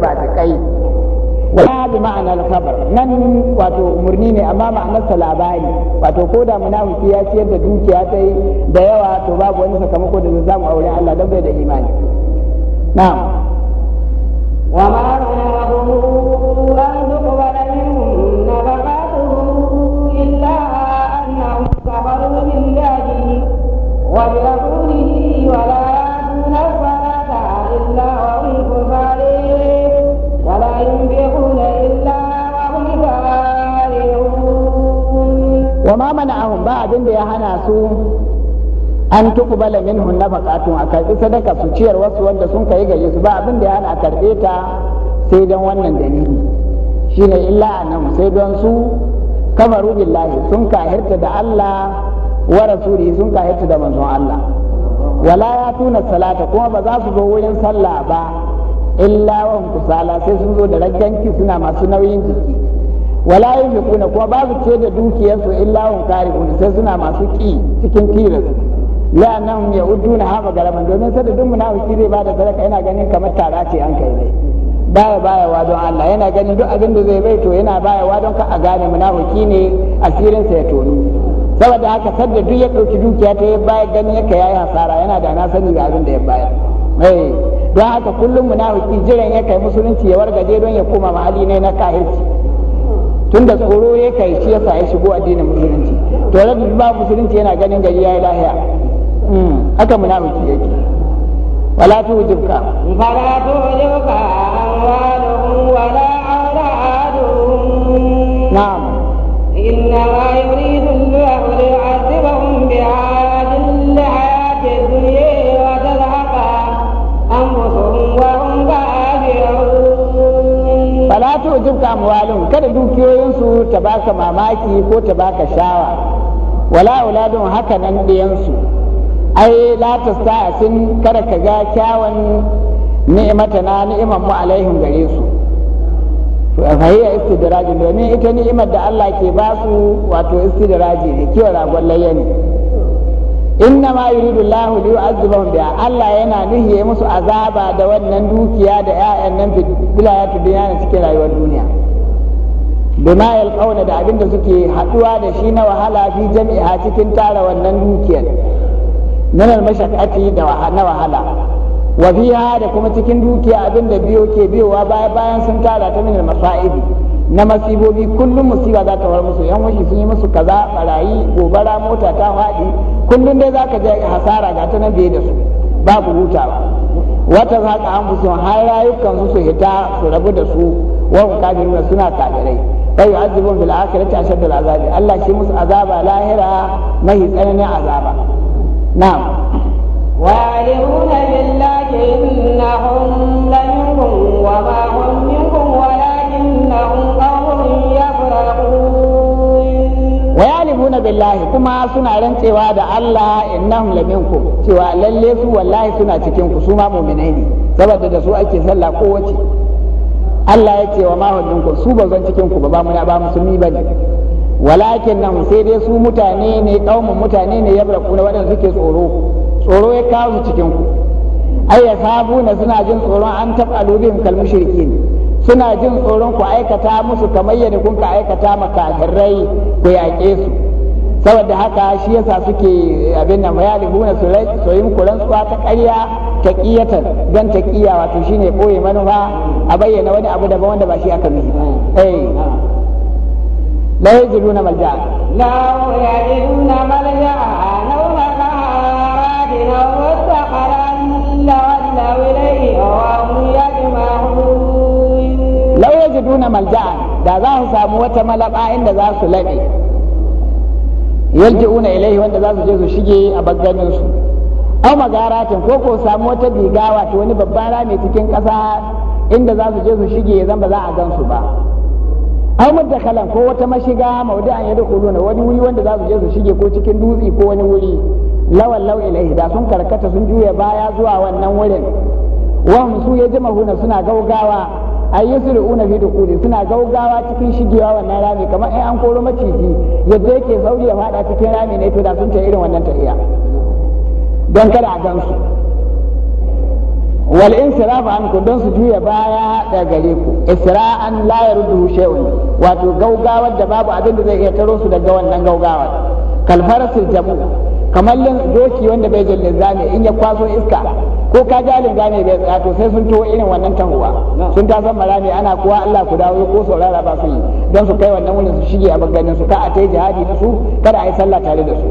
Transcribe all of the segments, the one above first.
fasikai wa bi ma'anar khabar nan wato umarni ne amma ma'anarsa labari wato ko da munafiki ya ciyar da dukiya ta da yawa to babu wani sakamako da zai samu aure Allah dan bai da imani na'am wa ma abin da ya hana su an min hunna nafaqatun a karbi sadaka su ciyar wasu wanda sun kai ga su ba abin da ya hana a ta sai don wannan dalili shine illa annahum sai don su kamaru billahi sun kahirta da Allah wa rasuli sun kahirta da manzon Allah wala ya tuna salata kuma ba za su zo wurin sallah ba illa wa kusala sai sun zo da ragganki suna masu nauyin jiki wala kuna kuma ba su ce da dukiyarsu illa hum karihun sai suna masu ki cikin kiran la nan ya na haba garaman domin sai da muna munafiki zai bada sadaka yana ganin kamar tara ce an kai dai baya baya wa don Allah yana ganin duk abin da zai bai to yana baya wa don ka a gane muna munafiki ne asirin sa ya tonu saboda haka sadda duk ya dauki dukiya ta ya baya ganin yake yayi hasara yana da na sani ga abin da ya bayar mai don haka kullum muna munafiki jiran ya kai musulunci ya wargaje don ya koma mahalli ne na kahirci tun da tsoro ya kai shi yasa ya shigo addinin musulunci to da ba musulunci yana ganin gari yayi lahiya hmm, haka munafiki yake wala tujibka fala tu amwaluhum wala auladuhum na'am inna yuridu Allahu li'adhibahum bi'a tu'jibka amwalin kada dukiyoyin su ta baka mamaki ko ta baka shawa wala auladun haka nan diyan su ai la asin kada ka ga kyawun ni'matana ni'man mu alaihim gare su to a fahiya domin ita ni'imar da Allah ke ba su wato istidraji ne kiwa ragon layya ne inna ma yuridu Allahu li yu'azzibahum biha Allah yana nuhiye musu azaba da wannan dukiya da ƴaƴan nan bilayatu dunya cikin rayuwar duniya bima yalqauna da abinda suke haɗuwa da shi na wahala fi jami'a cikin tara wannan dukiyar min al na wahala Wafiha da kuma cikin dukiya abinda biyo ke biyowa baya bayan sun tara ta min al-masa'ibi na masibobi kullum musiba za ta war musu yan washi sun yi musu kaza barayi gobara mota ta faɗi kullum dai za ka je hasara ga ta nan biye da su babu hutawa wata za ka an fusun har rayukan su su hita su rabu da su wa kafiruna suna kafirai fa yu'adzibun bil akhirati ashadda al azabi Allah shi musu azaba lahira mai tsananin azaba na'am billahi innahum la wa ma hum minkum walakinnahum wa yalibuna billahi kuma suna rantsewa da Allah innahum laminku cewa lalle su wallahi suna cikin ku su ma mu'minai ne saboda da su ake sallah wace. Allah ya ce wa ma huddinku su ba zan cikin ku ba ba mu ba musulmi walakin nan sai dai su mutane ne kaumun mutane ne yabraku na wadanda suke tsoro tsoro ya kawo su cikin ku ay suna jin tsoron an tafalu bihim kal suna jin tsoron ku aikata musu kamar yadda kun ka aikata makafirai ku yaƙe su saboda haka shi yasa suke abin nan bayani buna su soyin kuran su ta ƙarya ta ƙiyata, don ta ƙiya wato shine ɓoye manufa a bayyana wani abu daban wanda ba shi aka nufi eh la yajiduna malja la yajiduna malja yajiduna malja'an da za su samu wata malaba inda za su laɗe una ilaihi wanda za su je su shige a bagganin su aw magaratin ko ko samu wata bigawa wato wani babban rami cikin ƙasa inda za su je su shige zan ba za a gan su ba aw muddakalan ko wata mashiga mawdi'an yadkhuluna wani wuri wanda za su je su shige ko cikin dutse ko wani wuri lawan law ilaihi da sun karkata sun juya baya zuwa wannan wurin wa su ya jima suna gaugawa ay yusri'una fi dukhuli suna gaugawa cikin shigewa wannan rami kamar ai an koro maciji yadda yake sauri ya fada cikin rami ne to da sun ta irin wannan tafiya don kada a gansu wal insiraf anko don su juya baya da gare ku isra'an la yaruddu shay'un wato gaugawar da babu abin da zai iya taro su daga wannan gaugawar kalfarasil jamu kamar doki wanda bai jin linzami in ya kwaso iska ko ka ja linzami bai tsaya to sai sun tuwo irin wannan tanguwa sun ta san marami ana kuwa Allah ku dawo ko saurara ba su yi don su kai wannan wurin su shige a bangaren su ka a tai jihadi da su kada a yi sallah tare da su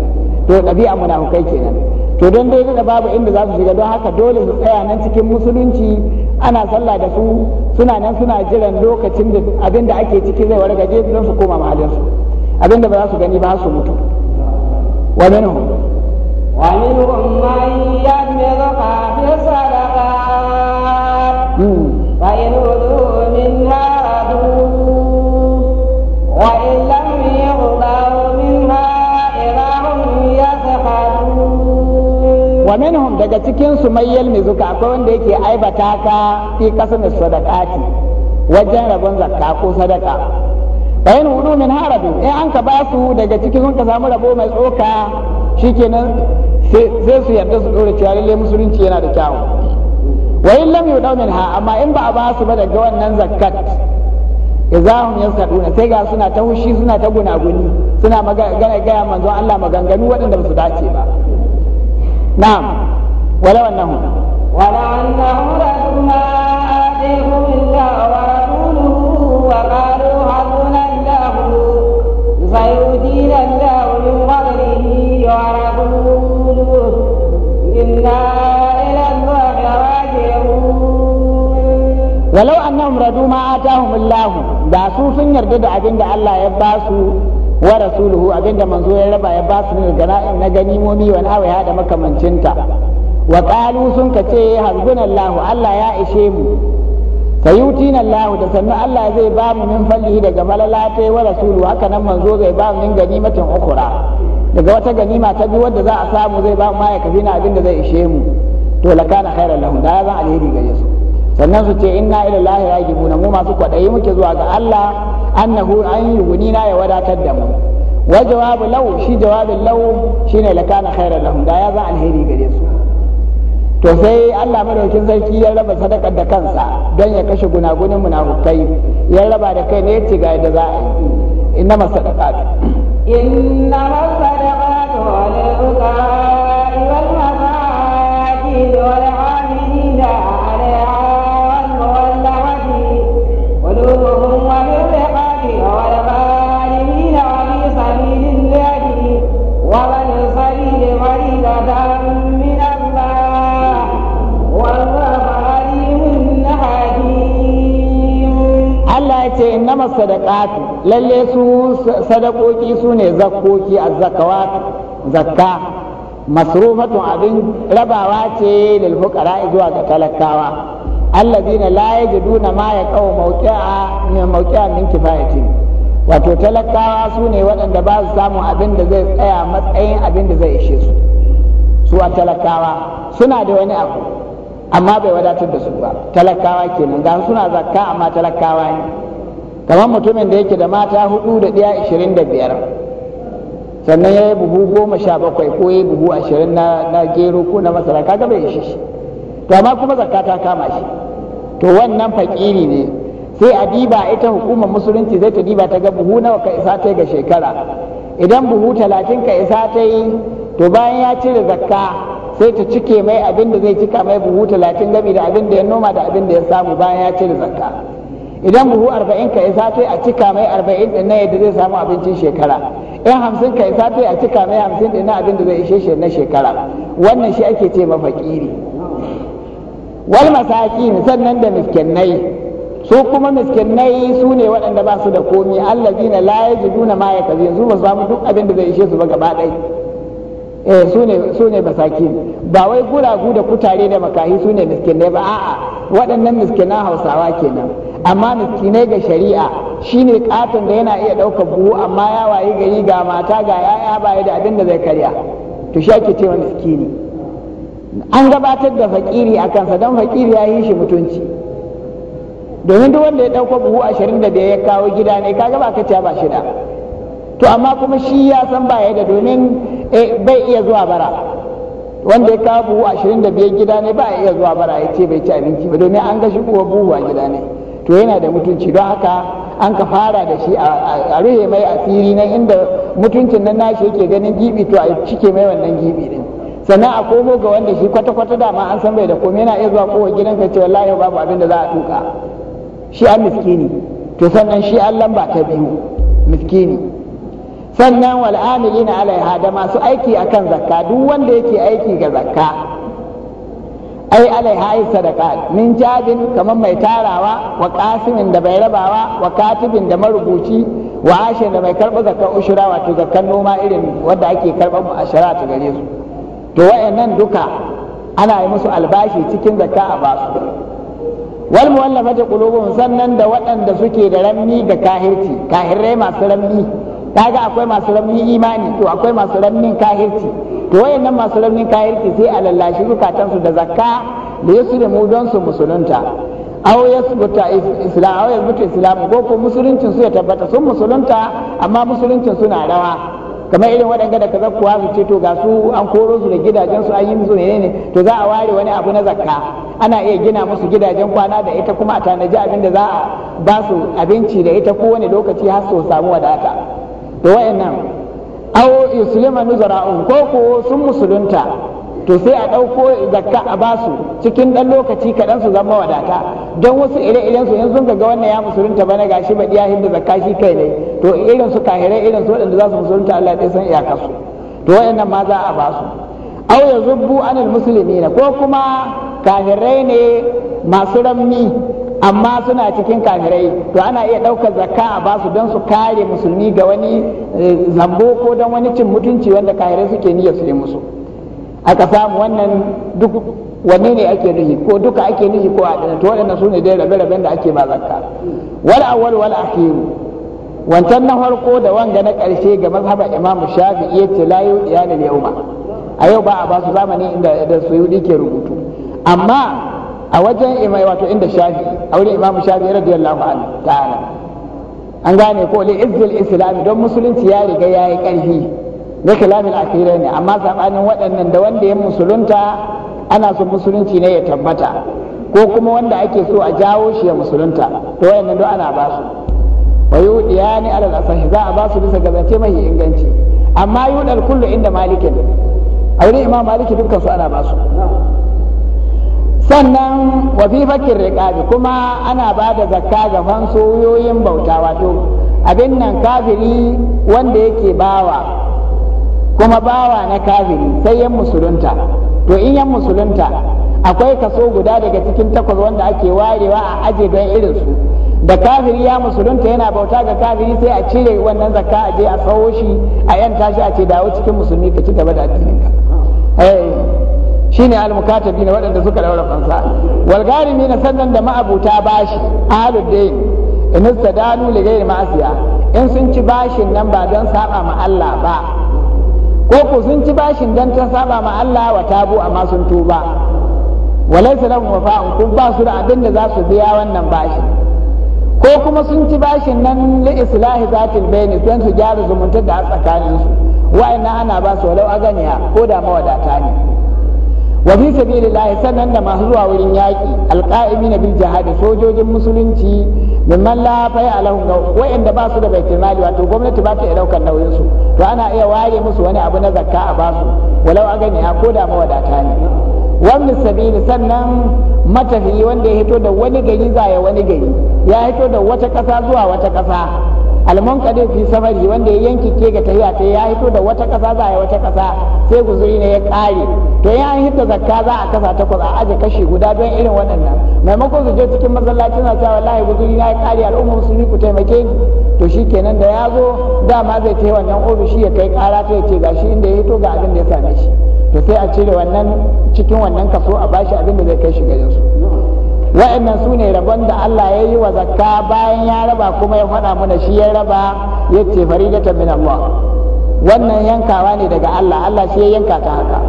to ɗabi'a munafukai kenan to don dai da babu inda za su shiga don haka dole su tsaya nan cikin musulunci ana sallah da su suna nan suna jiran lokacin da abin da ake ciki zai wargaje don su koma mahallinsu abin da ba za su gani ba su mutu wa minhum ومنهم من يملك في الصدقات hmm. فإن أوتوا منها ردوا وإن لم يقبلوا منها إذا هم يسخرون ومنهم daga cikin su mai yalmizuka akwai wanda yake aibata ka fi kasan sadaqati wajen rabon zakka ko sadaka bayan hudu min harabi in an ka su daga cikin sun ka samu rabo mai tsoka shikenan sai su yarda su dore cewa lalle musulunci yana da kyawu wa in lam yudau minha amma in ba a ba su ba daga wannan zakat izahum yasaduna sai ga suna ta hushi suna ta gunaguni suna magana gaya manzo Allah maganganu waɗanda ba su dace ba na'am wala wannan wala annahu rasuna atihum illa wa rasuluhu wa qalu hasuna illahu sayudina illahu min fadlihi wa walau annahum radu ma atahum Allah da su sun yarda da abinda Allah ya ba su wa rasuluhu Abinda manzo ya raba ya ba su ne daga na ganimomi wa nawa ya da makamancinta wa qalu sun kace hasbunallahu Allah ya ishe mu sayutina Allah da sannu Allah zai ba mu min fallihi daga malalate wa rasuluhu haka nan manzo zai ba mu gani ganimatin ukura daga wata ganima ta biyu wadda za a samu zai ba ma ya kafi na abin da zai ishe mu to la kana khairan lahum da ya zan alheri gare su sannan su ce inna ila lahi rajibuna mu masu kwadayi muke zuwa ga Allah annahu an yuguni na ya wadatar da mu wa jawabu law shi jawabin law shine la kana khairan lahum da ya zan alheri gare su to sai Allah madaukin sarki ya raba sadakar da kansa don ya kashe gunagunin munafukai ya raba da kai ne ya ce ga da za a yi inna masadaqatu إنما الصدقات والفقراء والمساكين والعاملين ce innama sadaqatu lalle su sadakoki su ne zakkoki zakawat zakka masrufatun abin rabawa ce lil fuqara zuwa ga talakawa alladina la yajiduna ma yaqaw mawqi'a min mawqi'a min kifayatin wato talakawa su ne waɗanda ba su samu abin da zai tsaya matsayin abin da zai ishe su su a talakawa suna da wani abu amma bai wadatar da su ba talakawa kenan ga suna zakka amma talakawa ne kamar mutumin da yake da mata hudu da ɗaya ashirin da biyar sannan ya yi buhu goma sha bakwai ko ya yi buhu ashirin na gero ko na masara kaga bai ishe shi to amma kuma zakka ta kama shi to wannan fakiri ne sai a diba ita hukumar musulunci zai ta diba ta ga buhu nawa ka isa ta ga shekara idan buhu talatin ka isa ta yi to bayan ya cire zakka sai ta cike mai abin da zai cika mai buhu talatin gami da abin da ya noma da abin da ya samu bayan ya cire zakka idan buhu arba'in ka isa ta a cika mai arba'in din na yadda zai samu abincin shekara in hamsin ka isa ta a cika mai hamsin din na abin da zai ishe shi na shekara wannan shi ake ce mafakiri wal masakin sannan da miskinai su kuma miskinai su ne waɗanda ba su da komi allazina la yajiduna ma yakazin su ba su samu duk abin da zai ishe su ba gaba ɗaya eh su ne masaki ba wai guragu da kutare da makahi su ne miskinai ba a'a waɗannan miskinan hausawa kenan amma miskinai ga shari'a shine katon da yana iya ɗaukar buhu amma ya wayi gari ga mata ga yaya baya da abin da zai karya to shi ake cewa miskini an gabatar da fakiri a kansa don fakiri ya yi shi mutunci domin duk wanda ya ɗauka buhu ashirin da biyar ya kawo gida ne ka gaba ka ba shida to amma kuma shi ya san baya da domin eh, bai iya zuwa bara wanda ya kawo buhu ashirin da biyar gida ne ba iya zuwa bara ya ce bai ci abinci ba domin an ga shi buhu a gida ne to yana da mutunci don haka an ka fara da shi a rufe mai asiri nan inda mutuncin nan nashi yake ganin gibi to a cike mai wannan gibi din sannan a komo ga wanda shi kwata-kwata dama an san bai da komai yana iya zuwa kowa ka ce wallahi babu abin da za a tuka shi an miskini to sannan shi an lamba ta biyu miskini sannan wal'amilina alaiha da masu aiki akan zakka duk wanda yake aiki ga zakka ai alaiha ai sadaka min jabin kamar mai tarawa wa qasimin da bai rabawa wa katibin da marubuci wa ashin da mai karba zakar ushura wato zakkan noma irin wanda ake karɓar mu ashara ta gare su to wayannan duka ana yi musu albashi cikin zakka a basu wal muwallafati qulubun sannan da waɗanda suke da rammi ga kahirci kahirrai masu rammi kaga akwai masu rammi imani to akwai masu rammin kahirci to nan masu raunin kayarki sai a lallashi zukatansu da zakka da ya da mu don su musulunta aw yasbuta islam aw yasbuta islam ko ko musuluncin su ya tabbata sun musulunta amma musuluncin suna rawa kamar irin waɗanda da kaza kuwa su ce to ga su an koro su da gidajen su an yi musu ne to za a ware wani abu na zakka ana iya gina musu gidajen kwana da ita kuma a tanaji abin da za a ba su abinci da ita kowane lokaci har su samu wadata to wayannan aw yuslima nuzara'un ko ko sun musulunta to sai a ɗauko zakka a basu cikin ɗan lokaci kaɗan su zama wadata don wasu ire-iren su yanzu ga wannan ya musulunta bana gashi ba ya hinda zakka shi kai ne to irin su kahire irin su waɗanda za su musulunta Allah ya san iyaka su to waɗannan ma za a basu aw yazubbu anil muslimina ko kuma kahirai ne masu rammi. amma suna cikin kafirai to ana iya ɗaukar zakka a basu don su kare musulmi ga wani eh, zambo ko don wani cin mutunci wanda kafirai suke niyyar su yi musu aka samu wannan duk wanne ne ake nufi ko duka ake nufi ko a to waɗannan su ne dai rabe-raben da ake ba zakka wal awwal wal akhir wancan na farko da wanga na karshe ga mazhabar imamu shafi'i yace la yu al-yawma a yau ba a basu zamani inda da yi ke rubutu amma a wajen imai wato inda shafi a wurin imam shafi radiyallahu anhu ta'ala an gane ko li izzil islam don musulunci ya riga yayi karfi da kalamin akira ne amma sabanin waɗannan da wanda ya musulunta ana so musulunci ne ya tabbata ko kuma wanda ake so a jawo shi ya musulunta to wayannan don ana ba su wa yudiyani alal asahi za a ba su bisa gazance mai inganci amma yudal kullu inda malikin a wurin imam maliki dukkan su ana ba su sannan wazifakin rikabi kuma ana ba da zakka ga fansoyoyin bauta wato abin nan kafiri wanda yake bawa kuma bawa na kafiri sai yan musulunta to in yan musulunta akwai kaso guda daga cikin takwas wanda ake warewa a aje don su da kafiri ya musulunta yana bauta ga kafiri sai a cire wannan zakka a je a sawo shi a yanta shi a ce dawo cikin musulmi ka ci gaba da addininka eh. shine al-mukatabi na waɗanda suka daura fansa wal garimi na sannan da ma'abuta bashi ahlud dayn in istadanu li ghairi ma'asiya in sun ci bashin nan ba don saba ma Allah ba ko ku sun ci bashin don ta saba ma Allah wa tabu amma sun tuba walaysa lahum wafa'un kun ba su da abin da za su biya wannan bashin ko kuma sun ci bashin nan li islahi zatil bayni don su gyara zumuntar da a tsakaninsu wa'annan ana ba su walau ganiya ko da mawadata ne wa bi sabilillahi sannan da masu zuwa wurin yaki na bil jihad sojojin musulunci man la fa ya'lamu wa'anda ba su da baitul mali wato gwamnati ba ta iya daukar nauyin su to ana iya ware musu wani abu na zakka a basu walau a gani a koda mawadata ne wannan sabili sannan matafi wanda ya hito da wani gari zaya wani gari ya hito da wata kasa zuwa wata kasa almunqadi fi safari wanda ya yanki ke ga tahiya ta ya hito da wata kasa za a yi wata kasa sai guzuri ne ya kare to ya hito zakka za a kasa takwas a aje kashi guda don irin waɗannan maimakon su je cikin masallaci na cewa wallahi guzuri na ya kare al'umma musulmi ku taimake ni to shi kenan da ya zo dama zai ta wannan ofis shi ya kai kara ta ya ce gashi inda ya hito ga abin da ya same shi to sai a cire wannan cikin wannan kaso a bashi abin da zai kai shi garin su wa'annan su ne rabon da Allah ya yi wa zakka bayan ya raba kuma ya faɗa mana shi ya raba ya ce faridatan min Allah wannan yankawa ne daga Allah Allah shi ya yanka ta haka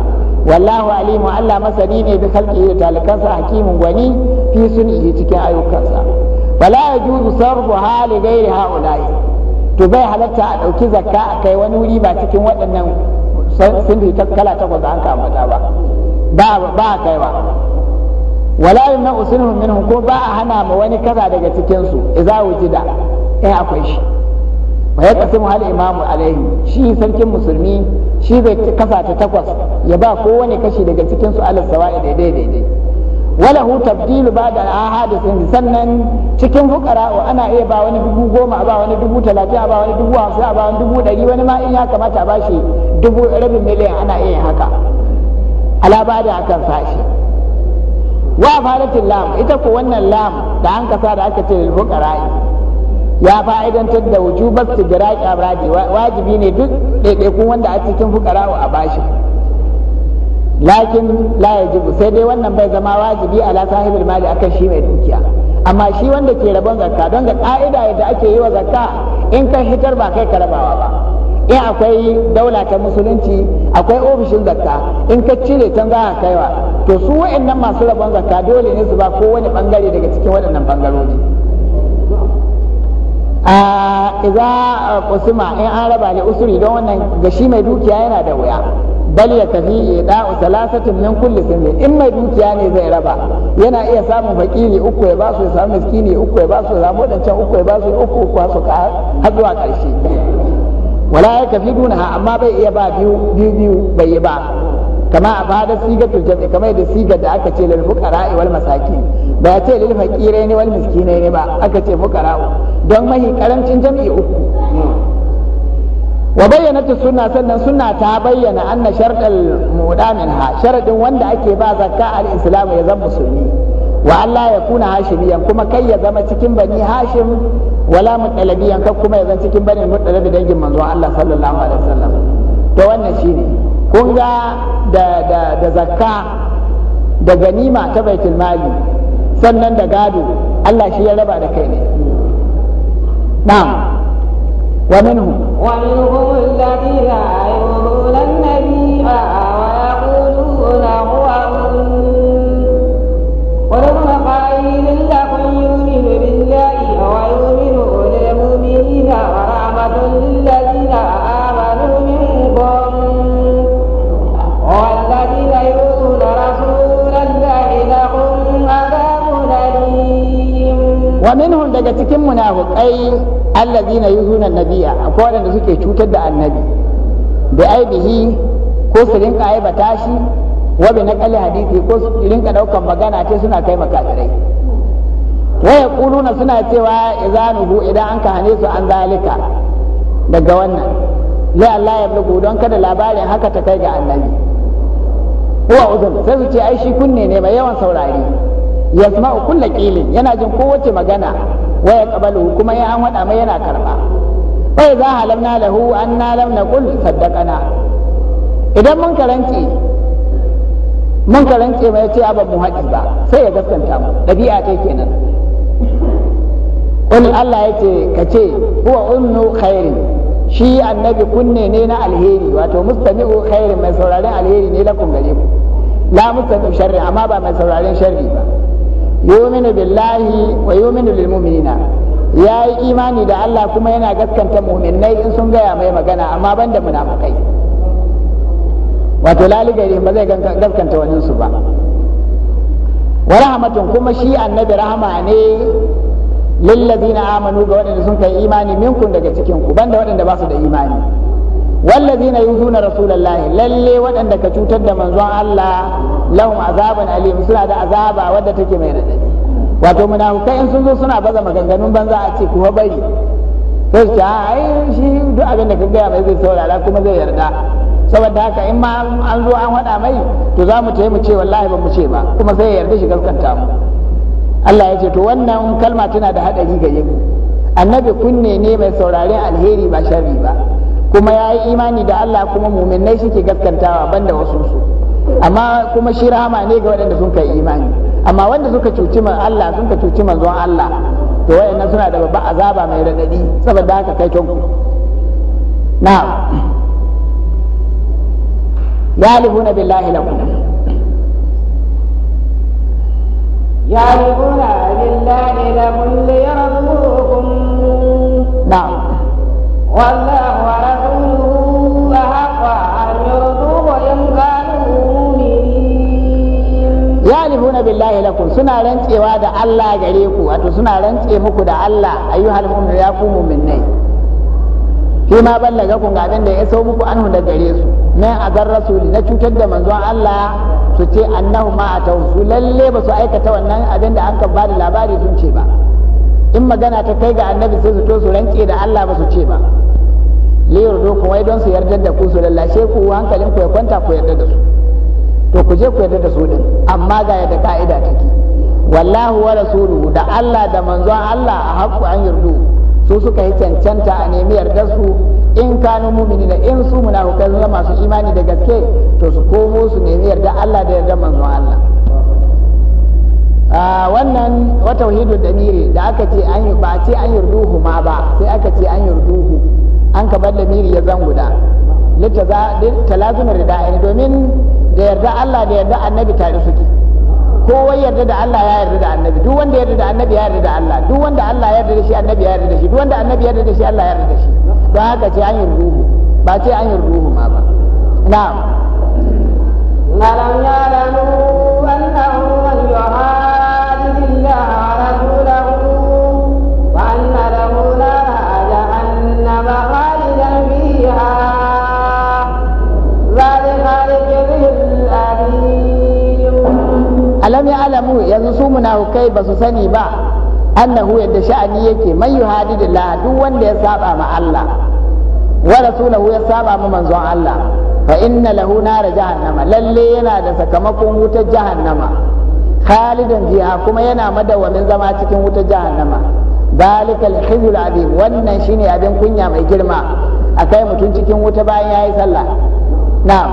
wallahu alimu Allah masani ne bi khalqihi da talikansa hakimin gwani fi yi cikin ayyukansa wala yajuzu sarfu hali gairi haula'i to bai halatta a ɗauki zakka a kai wani wuri ba cikin waɗannan sun kala takwas an kamata ba ba ba kaiwa wala na usulun minhum ko ba a hana ma wani kaza daga cikin su idza wujida in eh, akwai shi wa kasimu hal imam alaihi shi sarkin musulmi shi zai kasa ta takwas ya ba ko wani kashi daga cikin su alal sawa'i daidai daidai wala hu tabdilu ba'da ahadithin sannan cikin fukara wa ana iya ba wani dubu goma a ba wani dubu talatin a ba wani dubu hamsin a ba wani dubu ɗari wani ma in ya kamata a bashi dubu rabin miliyan ana iya haka ala ba da akan sashi wa faratin lam ita ko wannan lam da an kasa da aka ce lil fuqara'i ya fa'idantar da wujubat sigraqi abradi wajibi ne duk daidaikun wanda a cikin fuqara'u a bashi lakin la yajibu sai dai wannan bai zama wajibi ala sahibul mali akan shi mai dukiya amma shi wanda ke rabon zakka don ga ka'ida yadda ake yi wa zakka in ka hitar ba kai ka rabawa ba in akwai daula ta musulunci akwai ofishin zakka in ka cire can za a kaiwa to su waɗannan masu rabon zakka dole ne su ba wani bangare daga cikin waɗannan bangarori a iza kusuma in an raba ne usuri don wannan gashi mai dukiya yana da wuya bal ya tafi da'u salasatin min kulli sunni in mai dukiya ne zai raba yana iya samun fakiri uku ya basu ya samu miskini uku ya basu ya samu wadancan uku ya basu uku uku su har zuwa karshe wala ya kafi dunaha amma bai iya ba biyu biyu biyu bai yi ba kama a bada sigatul jam'i kama yadda sigar da aka ce lil fuqara wal masaki. ba ya ce lil faqirai ne wal miskinai ne ba aka ce fuqara don mahi karancin jam'i uku wa bayyana ta sunna sannan sunna ta bayyana anna shartal mudaminha sharadin wanda ake ba zakka al islam ya zama musulmi wa Allah ya kuna hashimiyan kuma kai ya zama cikin bani hashim wala mutalabiyan kai kuma ya zama cikin bani mutalabi dangin manzon Allah sallallahu alaihi wasallam to wannan shine kun ga da da da zakka da ganima ta baitul mali sannan da gado Allah shi ya raba da kai ne na'am ومنهم ومنهم ai allazina sunan nabiya akwai waɗanda suke cutar da annabi bi aibihi ko su rinka aibata tashi, wa bi naqali hadisi ko su rinka daukan magana ce suna kai makafirai wa yaquluna suna cewa izanuhu idan an ka hane su an zalika daga wannan la Allah ya bugu don kada labarin haka ta kai ga annabi huwa uzun sai su ce ai shi kunne ne mai yawan saurari yasma'u kullu qilin yana jin kowace magana Waya kabalu kuma ya an wada mai yana karba fa za halamna lahu anna lam naqul saddaqana idan mun karanci mun karanci mai ce abin mu haƙi ba sai ya gaskanta mu ɗabi'a ta kenan wani Allah ya ce ka ce huwa umnu khairi shi annabi kunne ne na alheri wato mustami'u khairin mai sauraren alheri ne lakum gare ku la mustami'u sharri amma ba mai sauraren sharri ba yominu billahi wa yominu lil mu'minina ya yi imani da Allah kuma yana gaskanta mu'minnai in sun gaya mai magana amma banda munafikai wato laligari ba zai gaskanta wani su ba wa rahmatun kuma shi annabi rahama ne lillazina amanu ga waɗanda sun kai imani minkun daga cikin ku banda waɗanda ba su da imani wallazina yuzuna rasulullahi lalle waɗanda ka cutar da manzon Allah lahum azaban alim suna da azaba wadda take mai radadi wato munafukai in sun zo suna baza maganganun banza a ce kuma bari sai su ce ai shi duk abin da ka gaya mai zai saurara kuma zai yarda saboda haka in ma an zo an haɗa mai to za mu mu ce wallahi ba mu ce ba kuma sai ya yarda shi gaskanta mu Allah ya ce to wannan kalma tana da haɗari ga yin annabi kunne ne mai saurare alheri ba sharri ba kuma ya yi imani da Allah kuma muminai shi ke gaskantawa banda wasu su amma kuma shi rahama ne ga waɗanda sun kai imani amma wanda suka cuci man Allah sun ka cuci manzon Allah to wayannan suna da babban azaba mai radadi saboda haka kai tonku na'am yalihuna billahi lakum يعرفون بالله لكل يرزقكم نعم والله halifuna billahi lakum suna rantsewa da Allah gare ku wato suna rantse muku da Allah ayyuhal mu'minu ya ku mu'minnai shi ballaga kun ga abin da ya sau muku anhu da gare su min azar rasuli na cutar da manzon Allah su ce annahu ma atau su lalle ba su aikata wannan abin da aka ba da labari sun ce ba in magana ta kai ga annabi sai su to su rantse da Allah ba su ce ba liyar dokon wai don su yarda da ku su lallashe ku hankalin ku ya kwanta ku yarda da su to ku je ku yarda da su din amma ga yadda ka'ida take wallahu wa rasuluhu da Allah da manzon Allah a hakku an yardu su suka yi cancanta a nemi yardar su in kanu da in su munafikai zama masu imani da gaske to su komo su nemi yarda Allah da yarda manzon Allah ah, wannan wata wahidu da miri da aka ce an ba ce an yarduhu ma ba sai aka ce an yarduhu an ka bar da miri ya zanguda litta za talazumar da domin da yarda Allah da yarda annabi tare suke kowa yarda da Allah ya yarda da annabi duk wanda yarda da annabi ya yarda da Allah duk wanda Allah ya yarda da shi annabi ya yarda da shi duk wanda annabi ya yarda da shi Allah ya yarda da shi don haka ce an yi ruhu ba ce an yi ruhu ma ba na'am ya ya'lamu lam Alamu, yanzu su munafukai ba su sani ba annahu yadda sha'ani yake mayu Hali da duk wanda ya saba ma Allah wa rasulahu ya saba ma manzon Allah fa inna lahu nar jahannama lalle yana da sakamakon wuta jahannama khalidan fiha kuma yana madawamin zama cikin wutar jahannama dalika al-khizyul wannan shine abin kunya mai girma akai mutum cikin wuta bayan yayi sallah na'am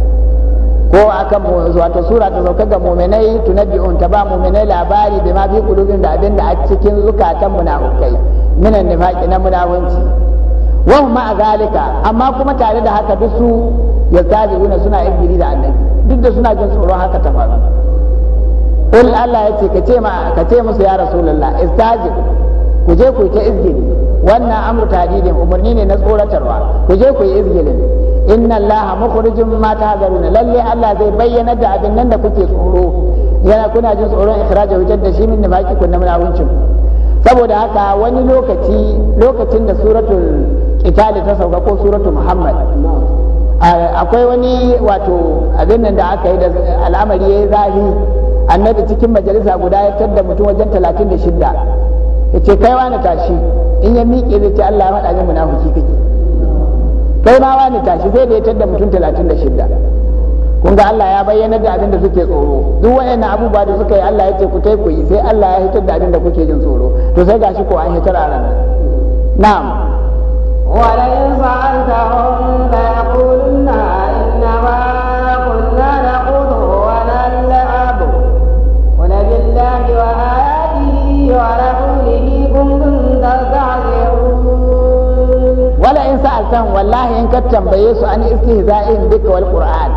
ko akan wato sura ta sauka ga mu'minai tunabbi'un ta ba mu'minai labari da ma bi da abinda a cikin zukatan munafikai minan nifaqi na munafunci wa huma azalika amma kuma tare da haka duk su yazabuna suna ibiri da annabi duk da suna jin tsoro haka ta faru qul Allah yace ka ce ma ka ce musu ya rasulullah istajib ku je ku ta izgili wannan amru tadidin umarni ne na tsoratarwa ku je ku yi inna allaha mukhrijum ma tahzaruna lalle Allah zai bayyana da abin nan da kuke tsoro yana kuna jin tsoron ikhraja wajen da shi min nifaqi kun namuna huncin saboda haka wani lokaci lokacin da suratul qital ta sauka ko suratul muhammad akwai wani wato abin nan da aka yi da al'amari yayi zahi annabi cikin majalisa guda ya tadda mutum wajen 36 yace kai wani tashi in ya miƙe zai ce Allah ya faɗa min munafiki kake kai ma wani tashi sai da ya tadda mutum talatin da shidda kun ga Allah ya bayyana da abin da suke tsoro duk wayannan abubuwa da suka yi Allah ya ce ku tai ku yi sai Allah ya hitar da abin da kuke jin tsoro to sai gashi ko an hitar a ranar na'am wa la la yaqul suna wallahi in ka tambaye su an istihza'in duka wal qur'an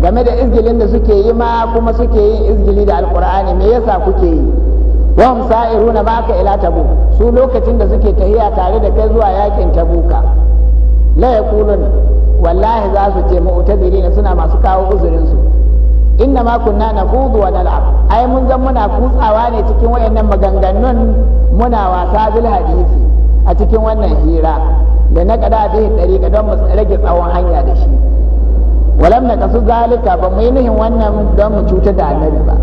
game da izgilin da suke yi ma kuma suke yin izgili da alqur'ani me yasa kuke yi wa hum sa'iruna ma'aka ila tabu su lokacin da suke tahiya tare da kai zuwa yakin tabuka la yaqulun wallahi za su ce mu'tazirina suna masu kawo uzurin su inna ma kunna naqudu wa nal'ab ai mun zan muna kutsawa ne cikin wayannan maganganun muna wasa bil hadisi a cikin wannan hira da na kada ɗari ga don mu rage tsawon hanya da shi walam na kasu zalika ba mu yi nihin wannan don mu cutar da annabi ba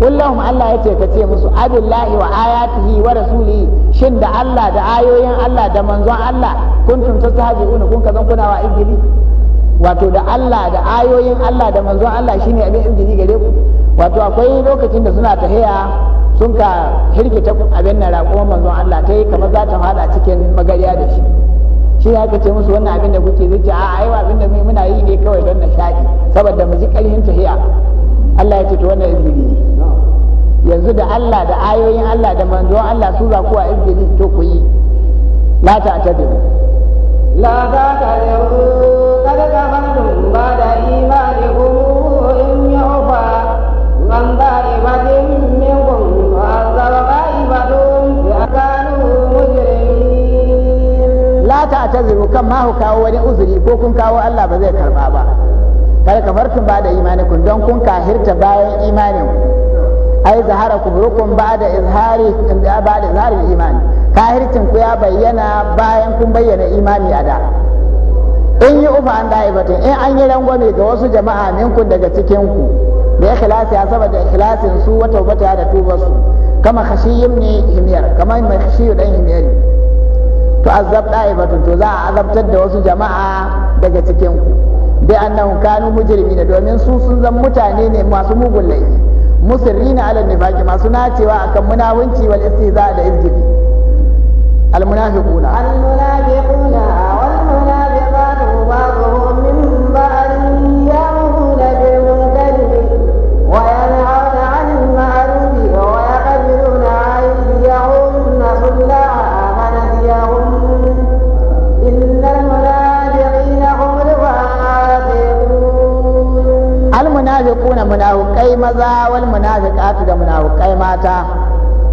kullum Allah ya ce ka ce musu abillahi wa ayatihi wa rasulihi shin da Allah da ayoyin Allah da manzon Allah kun haji unu kun kazan kuna wa injili wato da Allah da ayoyin Allah da manzon Allah shine abin injili gare ku wato akwai lokacin da suna tahiya sun ka hirgita abin nan raƙuwar manzon Allah ta yi kamar za ta fada cikin magariya da shi shi ya ka ce musu wannan abin da kuke zai ce a ai abin da muna yi ne kawai don na nishaɗi saboda mu ji ƙarfin tahiya Allah ya ce to wannan izgili ne yanzu da Allah da ayoyin Allah da manzon Allah su za kuwa izgili to ku yi la ta da la ta yau kada ka fadun ba da imanikum ta taziru kan ma ku kawo wani uzuri ko kun kawo Allah ba zai karba ba kada kafartun ba da imanikun don kun kahirta bayan imanin ai zahara kubrukum ba da izhari ba da imani kahircin ku ya bayyana bayan kun bayyana imani a da in yi ufa an da'ibatin in an yi rangwame ga wasu jama'a minkun daga cikin ku da ikhlasi ya saboda ikhlasin su wata wata da tubar su kama khashiyyin ne himiyar kama mai khashiyyu dan himyari tu'azzab da'ibatun to za a azabtar da wasu jama'a daga cikin ku bi annahu kanu mujrimina domin su sun zama mutane ne masu mugun laifi musirrina ala nifaqi masu nacewa akan munawunci wal istiza da izgidi al munafiquna munafukai maza wal munafiqatu da munafukai mata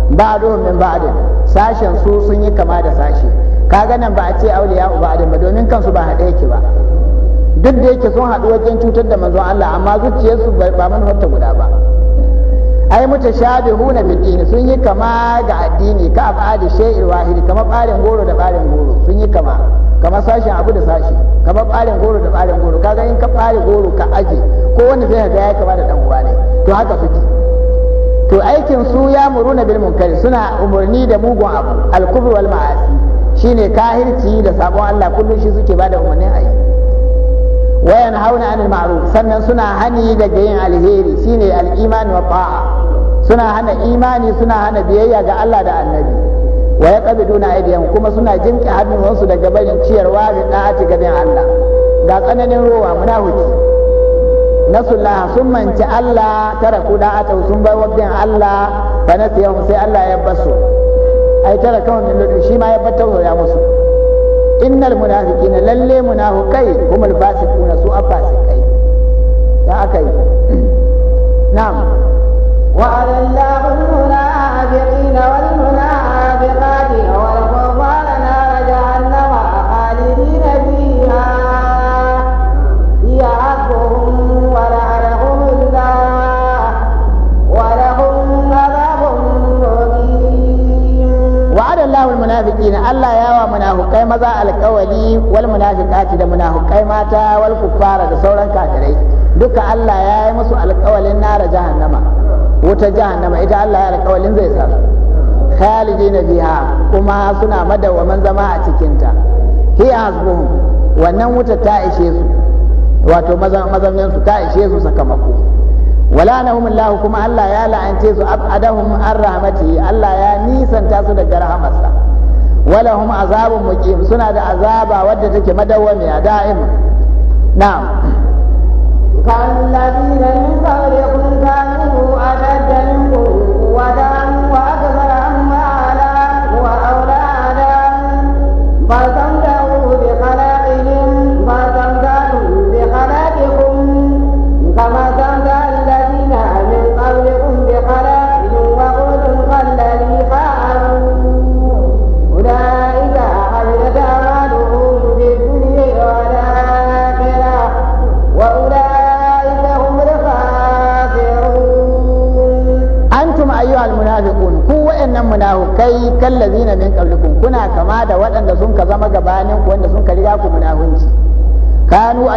ba'du min ba'd sashen su sun yi kama da sashi kaga nan ba a ce auliya ba'din ba domin kansu ba haɗe yake ba duk da yake sun haɗu wajen cutar da manzon Allah amma zuciyarsu ba manufarta guda ba ai mutashabihuna fi dini sun yi kama ga addini ka afadi shay'il wahidi kama barin goro da barin goro sun yi kama kamar sashen abu da sashi kamar ɓarin goro da ɓarin goro kaga in ka ɓare goro ka aje ko wani sai ga ya kama da dan uwa ne to haka suke to aikin su ya muruna bil munkari suna umurni da mugun abu al wal ma'asi shine kahirci da sabon Allah kullum shi suke bada umarnin ayi wayan hauna anil ma'ruf sannan suna hani daga yin alheri shine al-iman wa ta'a suna hana imani suna hana biyayya ga Allah da annabi wa ya ƙabi duna aidiyan kuma suna jinƙe hannuwansu daga bayan ciyarwa da ɗa'aci gaban Allah ga tsananin ruwa muna rowa munafiki nasullah sun manci Allah tara ku da'ata sun bar wajen Allah fa nasiyahu sai Allah ya basu ai tara kawai min ludu shi ma ya batta ya musu innal munafiqina lalle munafiqai humul fasiquna su afasiqai da aka yi na'am wa ala al-munafiqina wal munafiqina munafiqina Allah ya wa munafikai maza alkawali wal munafiqati da munafikai mata wal kuffara da sauran kafirai duka Allah ya yi musu alkawalin nara jahannama wuta jahannama ita Allah ya alkawalin zai sa su khalidina biha kuma suna madawwaman zama a cikinta wannan wuta ta ishe su wato mazaunin su ta ishe su sakamako wala nahum Allah kuma Allah ya la'ance su abadahum an rahmatihi Allah ya nisanta su daga rahamarsa walahum azabun muƙim suna da azaba wadda take a da'im na.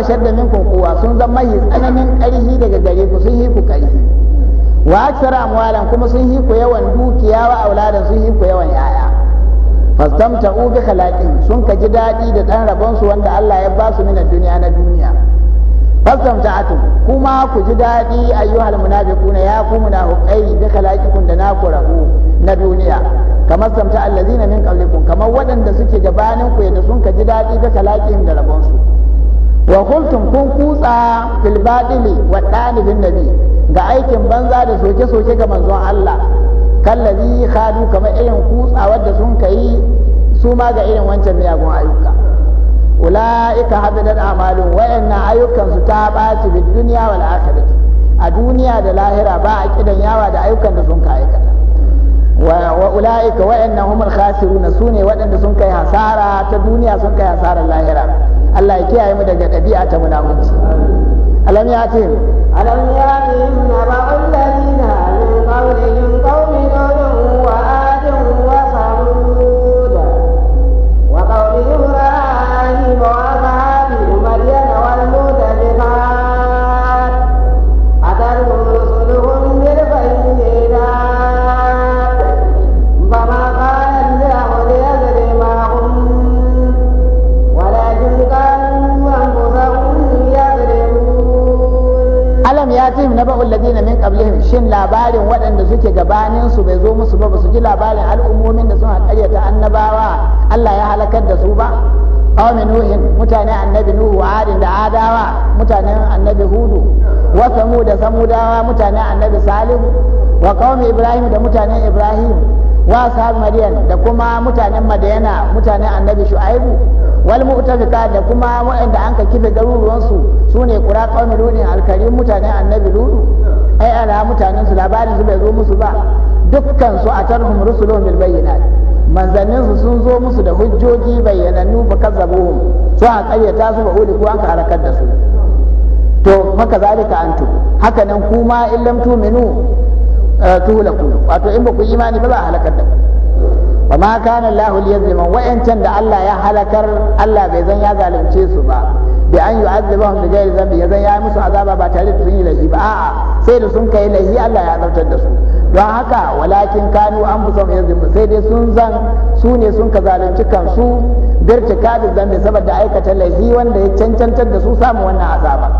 ashadda minkum quwwa sun zama mai tsananin ƙarfi daga gare ku sun yi ku ƙarfi wa aktsara amwalan kuma sun yi ku yawan dukiya wa auladan sun yi ku yawan yaya fastamta'u bi khalaqin sun ka ji daɗi da ɗan rabon su wanda Allah ya ba su min duniya na duniya fastamta'atu kuma ku ji daɗi ayyuhal munafiquna ya ku munafiqai bi khalaqikum da na ku rahu na duniya kamar samta allazina min qablikum kamar waɗanda suke gabanin ku yadda sun ka ji daɗi da khalaqihim da rabon su wa kuntum kun kutsa fil batili wa dalibin nabi ga aikin banza da soke-soke ga manzon Allah kallazi khadu kamar irin kutsa wadda sun kai su ma ga irin wancan miyagun ayyuka ula'ika habidat amalun wayannan ayyukan su ta ɓaci bid duniya wal a duniya da lahira ba a kidan yawa da ayyukan da sun kai aikata wa ula'ika wayannan humul khasiruna sune waɗanda sun kai hasara ta duniya sun kai hasarar lahira Allah ya kiyaye mu daga ɗabi'a ta munafunci alam ya ce alam ya ce na ba'ul ladina min qawlihim qawl ladina min qablihim shin labarin waɗanda suke gabanin su bai zo musu ba su ji labarin al'ummomin da sun haƙaryata annabawa Allah ya halakar da su ba qawmi nuhin mutane annabi nuhu adin da adawa mutanen annabi hudu wa samud da samudawa mutanen annabi salihu wa qawmi ibrahim da mutanen ibrahim wa ashab madiyan da kuma mutanen madiyana mutanen annabi shu'aibu wal mu'tafika da kuma waɗanda anka ka kife garuruwansu su ne kura ƙaunar alkarim mutanen annabi ludu ai ala mutanen su labarin su bai zo musu ba dukkan su a tarhum rusulun bil bayyinat manzannin su sun zo musu da hujjoji bayyanannu ba kazzabuhum su a karyata su ba uli ko an ka harakar da su to maka zalika antu haka nan kuma in lam tu'minu eh, tuhlaku wato in ba ku imani ba za a halakar da ku wa ma kana Allahu liyazliman wa'ancan da Allah ya halakar Allah bai zan ya zalunce su ba bi an yu'azzibahum da ghairi zambi yazan ya musu azaba ba tare da sun yi laifi ba a'a sai da sun kai laifi Allah ya azabtar da su don haka walakin kanu anfusahum yazlimun sai dai sun zan su ne sun ka zalunci kansu birtika da zambi saboda aikata laifi wanda ya cancantar da su samu wannan azaba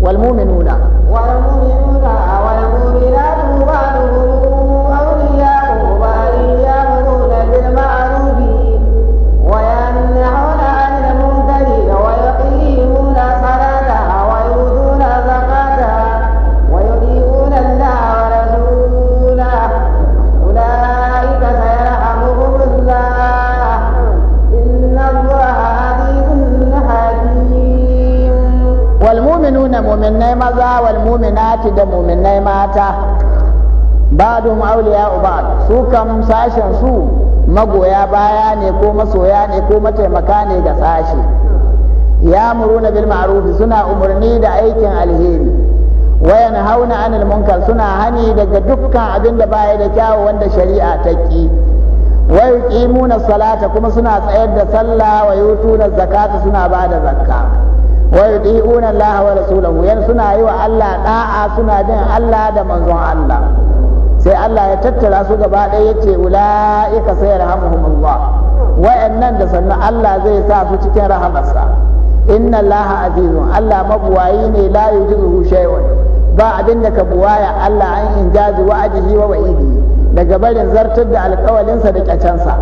wal mu'minuna wal mu'minuna wal mu'minatu Muminai maza wal mu'minati da Muminai mata badu auliya uba su kam sashen su magoya baya ne ko masoya ne ko mataimaka ne ga sashi ya muruna bil ma'ruf suna umarni da aikin alheri wayan hauna anil munkar suna hani daga dukkan abin da baya da kyawu wanda shari'a ta ki wa yuqimuna salata kuma suna tsayar da sallah wa yutuna zakata suna ba da zakka wa yuti'una Allah wa rasulahu yan suna yi wa Allah da'a suna bin Allah da manzon Allah sai Allah ya tattara su gaba ɗaya yace ulaika sayarhamuhumullah wa'annan da sannan Allah zai sa su cikin rahamarsa inna Allah azizun Allah mabuwayi ne la yujizuhu shay'un ba abin da ka buwaya Allah an injazi wa'adihi wa wa'idi daga barin zartar da alƙawalinsa da kyacensa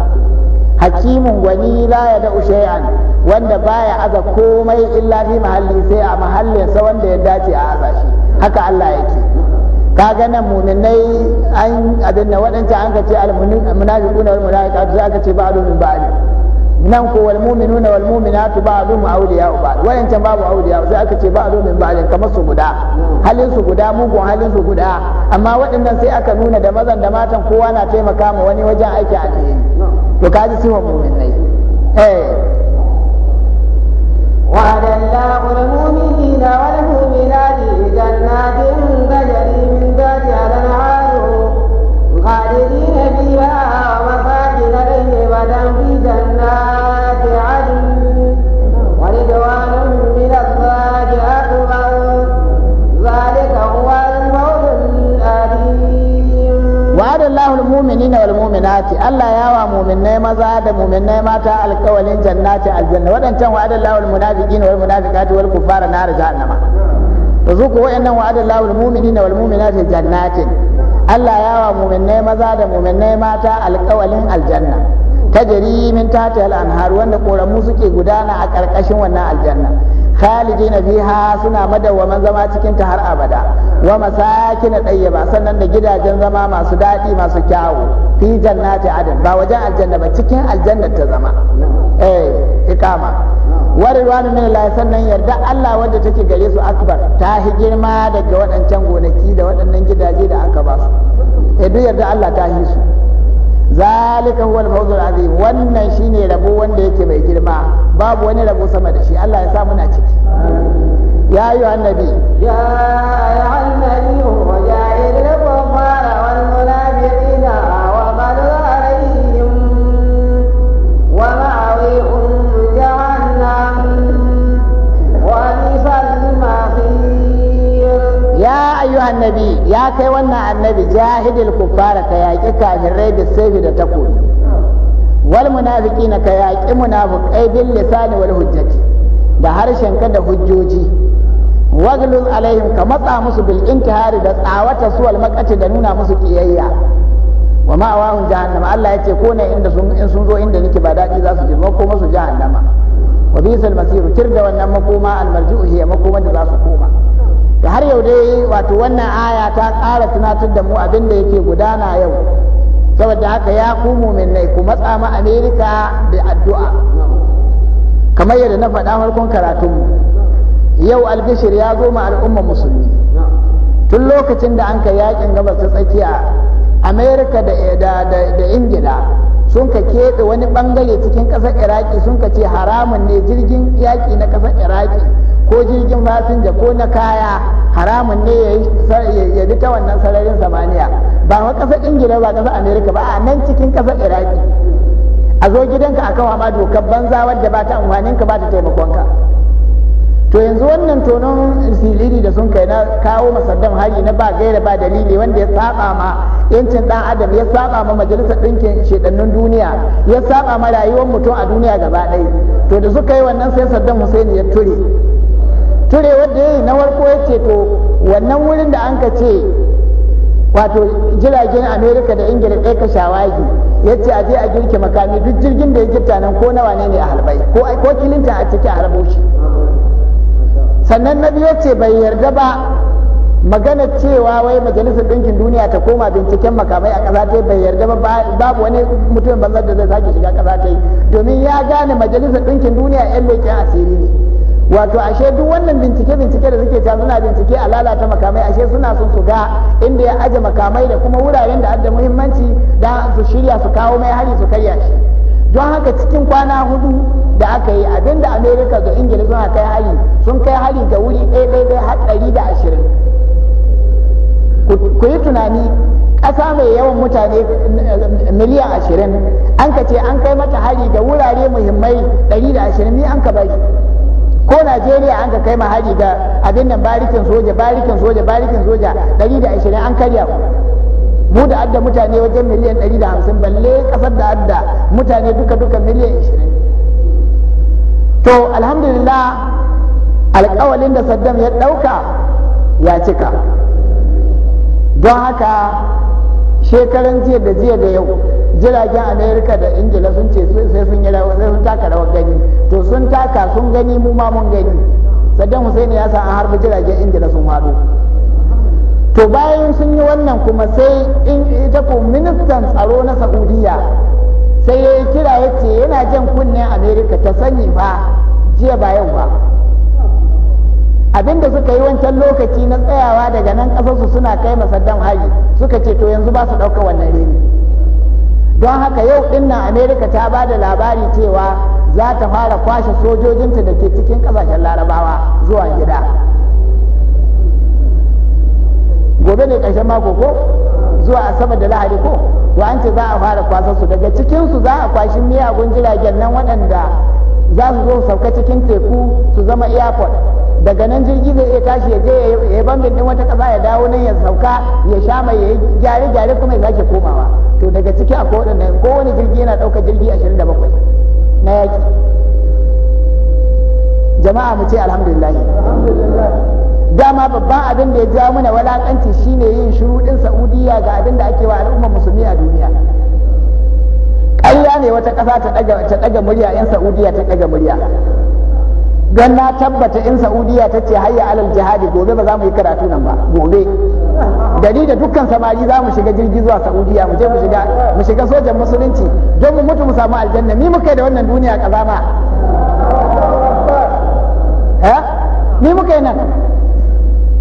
hakimin gwani la ya da an? wanda baya aza komai illa fi mahalli sai a mahallin sa wanda ya dace a aza shi haka Allah yake kaga nan muminai an abin da waɗancan an ka ce al-munafiquna wal munafiqatu sai aka ce ba'dun min ba'd nan ko wal mu'minuna wal mu'minatu ba'dhum awliya'u ba'd wayancan babu awliya sai aka ce ba'dhum min ba'd kamar su guda halin su guda mugun halin su guda amma waɗannan sai aka nuna da mazan da matan kowa na taimaka ma wani wajen aiki a alheri to kaji sifar mu'minai eh وعد الله المؤمنين والمؤمنات جنات تجري من تحتها الانهار خالدين wa ومساكن wa في Waɗanne wani munas baki haɗu a Allah ya wa mumminai Maza da mumminai mata alkawalin aljanna. Waɗancan wa'azalahu n munafikina walmunafikaci wani kubara na da janama. Ba su kuwaye nan wa'azalahu n muminina jannatin. Allah ya wa mumminai Maza da mumminai mata alkawalin aljanna. tajri min tahtiha al-anhar wanda koramu suke gudana a karkashin wannan aljanna khalidina fiha suna madawwaman zama cikin ta har abada wa masakin tayyiba sannan da gidajen zama masu dadi masu kyawu fi jannati adn ba wajen aljanna ba cikin aljanna ta zama eh ikama wa ridwanu min sannan yarda Allah wanda take gare su akbar ta hi girma daga waɗancan gonaki da waɗannan gidaje da aka ba su eh duk yarda Allah ta hi su zalika huwa al-fawz wannan shine rabo wanda yake mai girma babu wani rabo sama da shi Allah ya sa muna ciki ya ayyuhan nabi ya ayyuhan nabi wa ayyuhan annabi ya kai wannan annabi jahidil kuffara ka yaƙi kafirai da saifi da takobi wal munafiqina ka yaƙi munafiqai bil lisani wal hujjati da harshen ka da hujjoji waglul alaihim ka matsa musu bil inkihari da tsawata su wal maqati da nuna musu kiyayya wa ma'awahum jahannama Allah yace ko ne inda sun in sun zo inda nake ba daɗi za su je ko musu jahannama wa bisal masir da wannan makoma al marji'u hiya makoman da za su koma da har yau dai wato wannan aya ta ƙara tunatar da mu abin da yake gudana yau saboda haka ya ku ne ku matsa mu amerika da addu'a kamar yadda na faɗa farkon mu yau albishir ya zo ma al'umma musulmi tun lokacin da an ka yakin gabas ta tsakiya amerika da ingila sun ka keɓe wani bangare cikin ƙasar iraki sun ka ce haramun ne jirgin yaƙi na ƙasar iraki ko jirgin fasinja ko na kaya haramun ne ya bi ta wannan sararin samaniya ba wa ƙasa ingila ba ƙasa amerika ba a nan cikin ƙasa iraki a zo gidanka a kawo ma dokar banza wadda ba ta amfaninka ba ta taimakonka to yanzu wannan tonon siliri da sun kai na kawo masaddam hari na ba gaira ba dalili wanda ya saba ma yancin dan adam ya saba ma majalisar ɗinkin shedannun duniya ya saba ma rayuwar mutum a duniya gaba ɗaya to da suka yi wannan sai saddam hussein ya ture ture wanda yayi na warko ya ce to wannan wurin da an ka ce wato jiragen amerika da ingila ɗaya ka shawagi ya ce a je a girke makami duk jirgin da ya girta nan ko nawa ne ne a halbai ko kilinta a ciki a shi sannan na biyu ce bai yarda ba magana cewa wai majalisar ɗinkin duniya ta koma binciken makamai a ƙasa ta bai yarda ba babu wani mutumin banzar da zai sake shiga ƙasa ta domin ya gane majalisar ɗinkin duniya 'yan leƙen asiri ne wato ashe duk wannan bincike bincike da suke ta suna bincike a lalata makamai ashe suna son su ga inda ya aje makamai da kuma wuraren da adda muhimmanci da su shirya su kawo mai hari su karya shi don haka cikin kwana hudu da aka yi abinda amerika da ingila suna kai hari sun kai hari ga wuri ɗaya ɗaya har da ashirin ku yi tunani kasa mai yawan mutane eh, miliyan ashirin an ka ce an kai mata hari ga wurare muhimmai ɗari da ashirin ni an ka bari ko Najeriya an ka kai ma ga abin nan barikin soja barikin soja barikin soja 120 an karya mu da adda mutane wajen miliyan 150 balle kasar da adda mutane duka duka miliyan 20 to alhamdulillah alƙawalin da Saddam ya ɗauka ya cika don haka shekaran jiya da jiya da yau jiragen amerika da ingila sun ce sai sun yi rawa sai sun taka rawar gani to sun taka sun gani mu ma mun gani saddam hussein ya sa an harbi jiragen ingila sun haɗu to bayan sun yi wannan kuma sai in ita ko ministan tsaro na saudiya sai ya yi kira ya ce yana jan kunnen amerika ta sani ba jiya ba yau ba abinda suka yi wancan lokaci na tsayawa daga nan ƙasarsu suna kai masaddan haji suka ce to yanzu ba su ɗauka wannan rini don haka yau ɗinnan amerika ta ba da labari cewa za ta fara kwashe sojojinta da ke cikin ƙasashen larabawa zuwa gida gobe ne ƙarshen mako ko zuwa asabar da lahadi ko wa an ce za a fara kwasa su daga cikinsu za a kwashi miyagun jiragen nan waɗanda za su zo sauka cikin teku su zama airport daga nan jirgi zai iya tashi ya je ya bambin din wata kasa ya dawo nan ya sauka ya sha mai ya gyare gyare kuma ya sake komawa to daga ciki a kowane kowane jirgi yana ɗaukar jirgi 27 na yaki jama'a mu ce alhamdulillah dama babban abin da ya ja mana walakanci shine yin shiru din saudiya ga abin da ake wa al'ummar musulmi a duniya ƙarya ne wata ƙasa ta ɗaga murya in Saudiya ta ɗaga murya don na tabbata in Saudiya ta ce hayya alal jihadi gobe ba za mu yi karatu nan ba gobe gari da dukkan samari za mu shiga jirgi zuwa Saudiya mu je mu shiga mu shiga sojan musulunci don mu mutu mu samu aljanna mi muka da wannan duniya kazama eh ni muka yi nan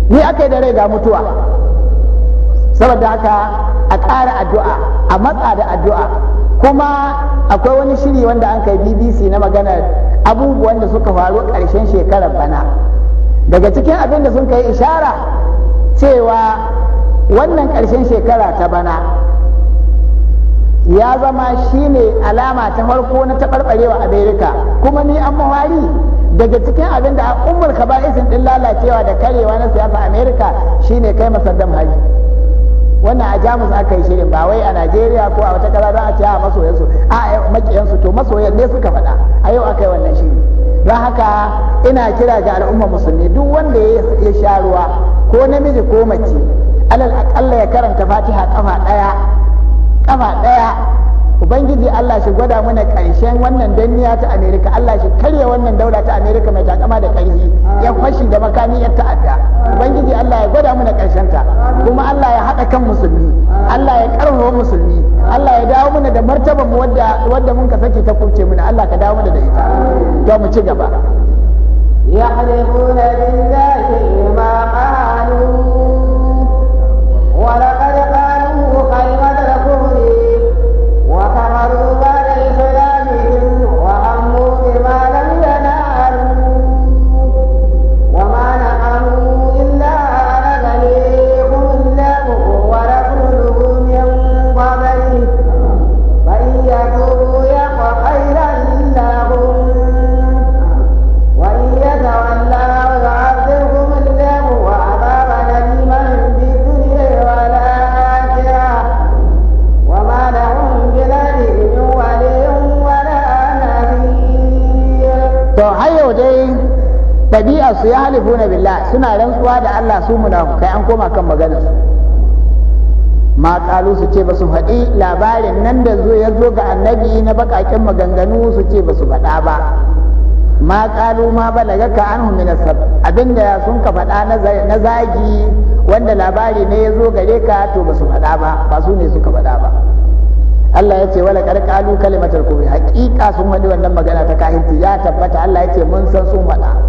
ni aka yi da rai ga mutuwa saboda haka a ƙara addu'a a matsa da addu'a kuma akwai wani shiri wanda an kai bbc na maganar abubuwan da suka faru ƙarshen shekarar bana daga cikin abin da sun kai ishara cewa wannan ƙarshen shekara ta bana ya zama shine alama ta farko na taɓarɓarewa amerika kuma ni an mawari daga cikin abin da umar kaba'isin ɗin lalacewa da karewa na siyasa amerika shine kai masaddam hari wannan a jamus aka yi shirin ba wai a najeriya ko a wata kasa don a ce masoyansu a makiyansu to masoyan ne suka faɗa a yau aka yi wannan shiri don haka ina kira ga al'ummar musulmi duk wanda ya sha ruwa ko namiji ko mace alal akalla ya karanta fatiha kafa ɗaya kafa ɗaya ubangiji Allah shi gwada mana ƙarshen wannan danniya ta Amerika Allah shi karya wannan daula ta Amerika mai takama da ƙarfi ya fashi da makami ya ta'adda ubangiji Allah ya gwada mana ƙarshen ta kuma Allah ya haɗa kan musulmi Allah ya karfafa musulmi Allah ya dawo mana da martabar mu wadda wadda mun ka sake ta kuce mana Allah ka dawo mana da ita to mu ci gaba halifuna بالله ما قالوا ولم su ya na billa suna rantsuwa da Allah su munafukai an koma kan maganar su ma kalu su ce basu faɗi labarin nan da zo ya zo ga annabi na bakakin maganganu su ce ba su faɗa ba ma kalu ma balagaka anhu min asab abinda sun ka faɗa na zagi wanda labari ne ya zo gare ka to ba su faɗa ba ba su ne suka faɗa ba Allah ya ce wala kar kalu kalimatul kufri haqiqa sun faɗi wannan magana ta kahinci ya tabbata Allah ya ce mun san sun faɗa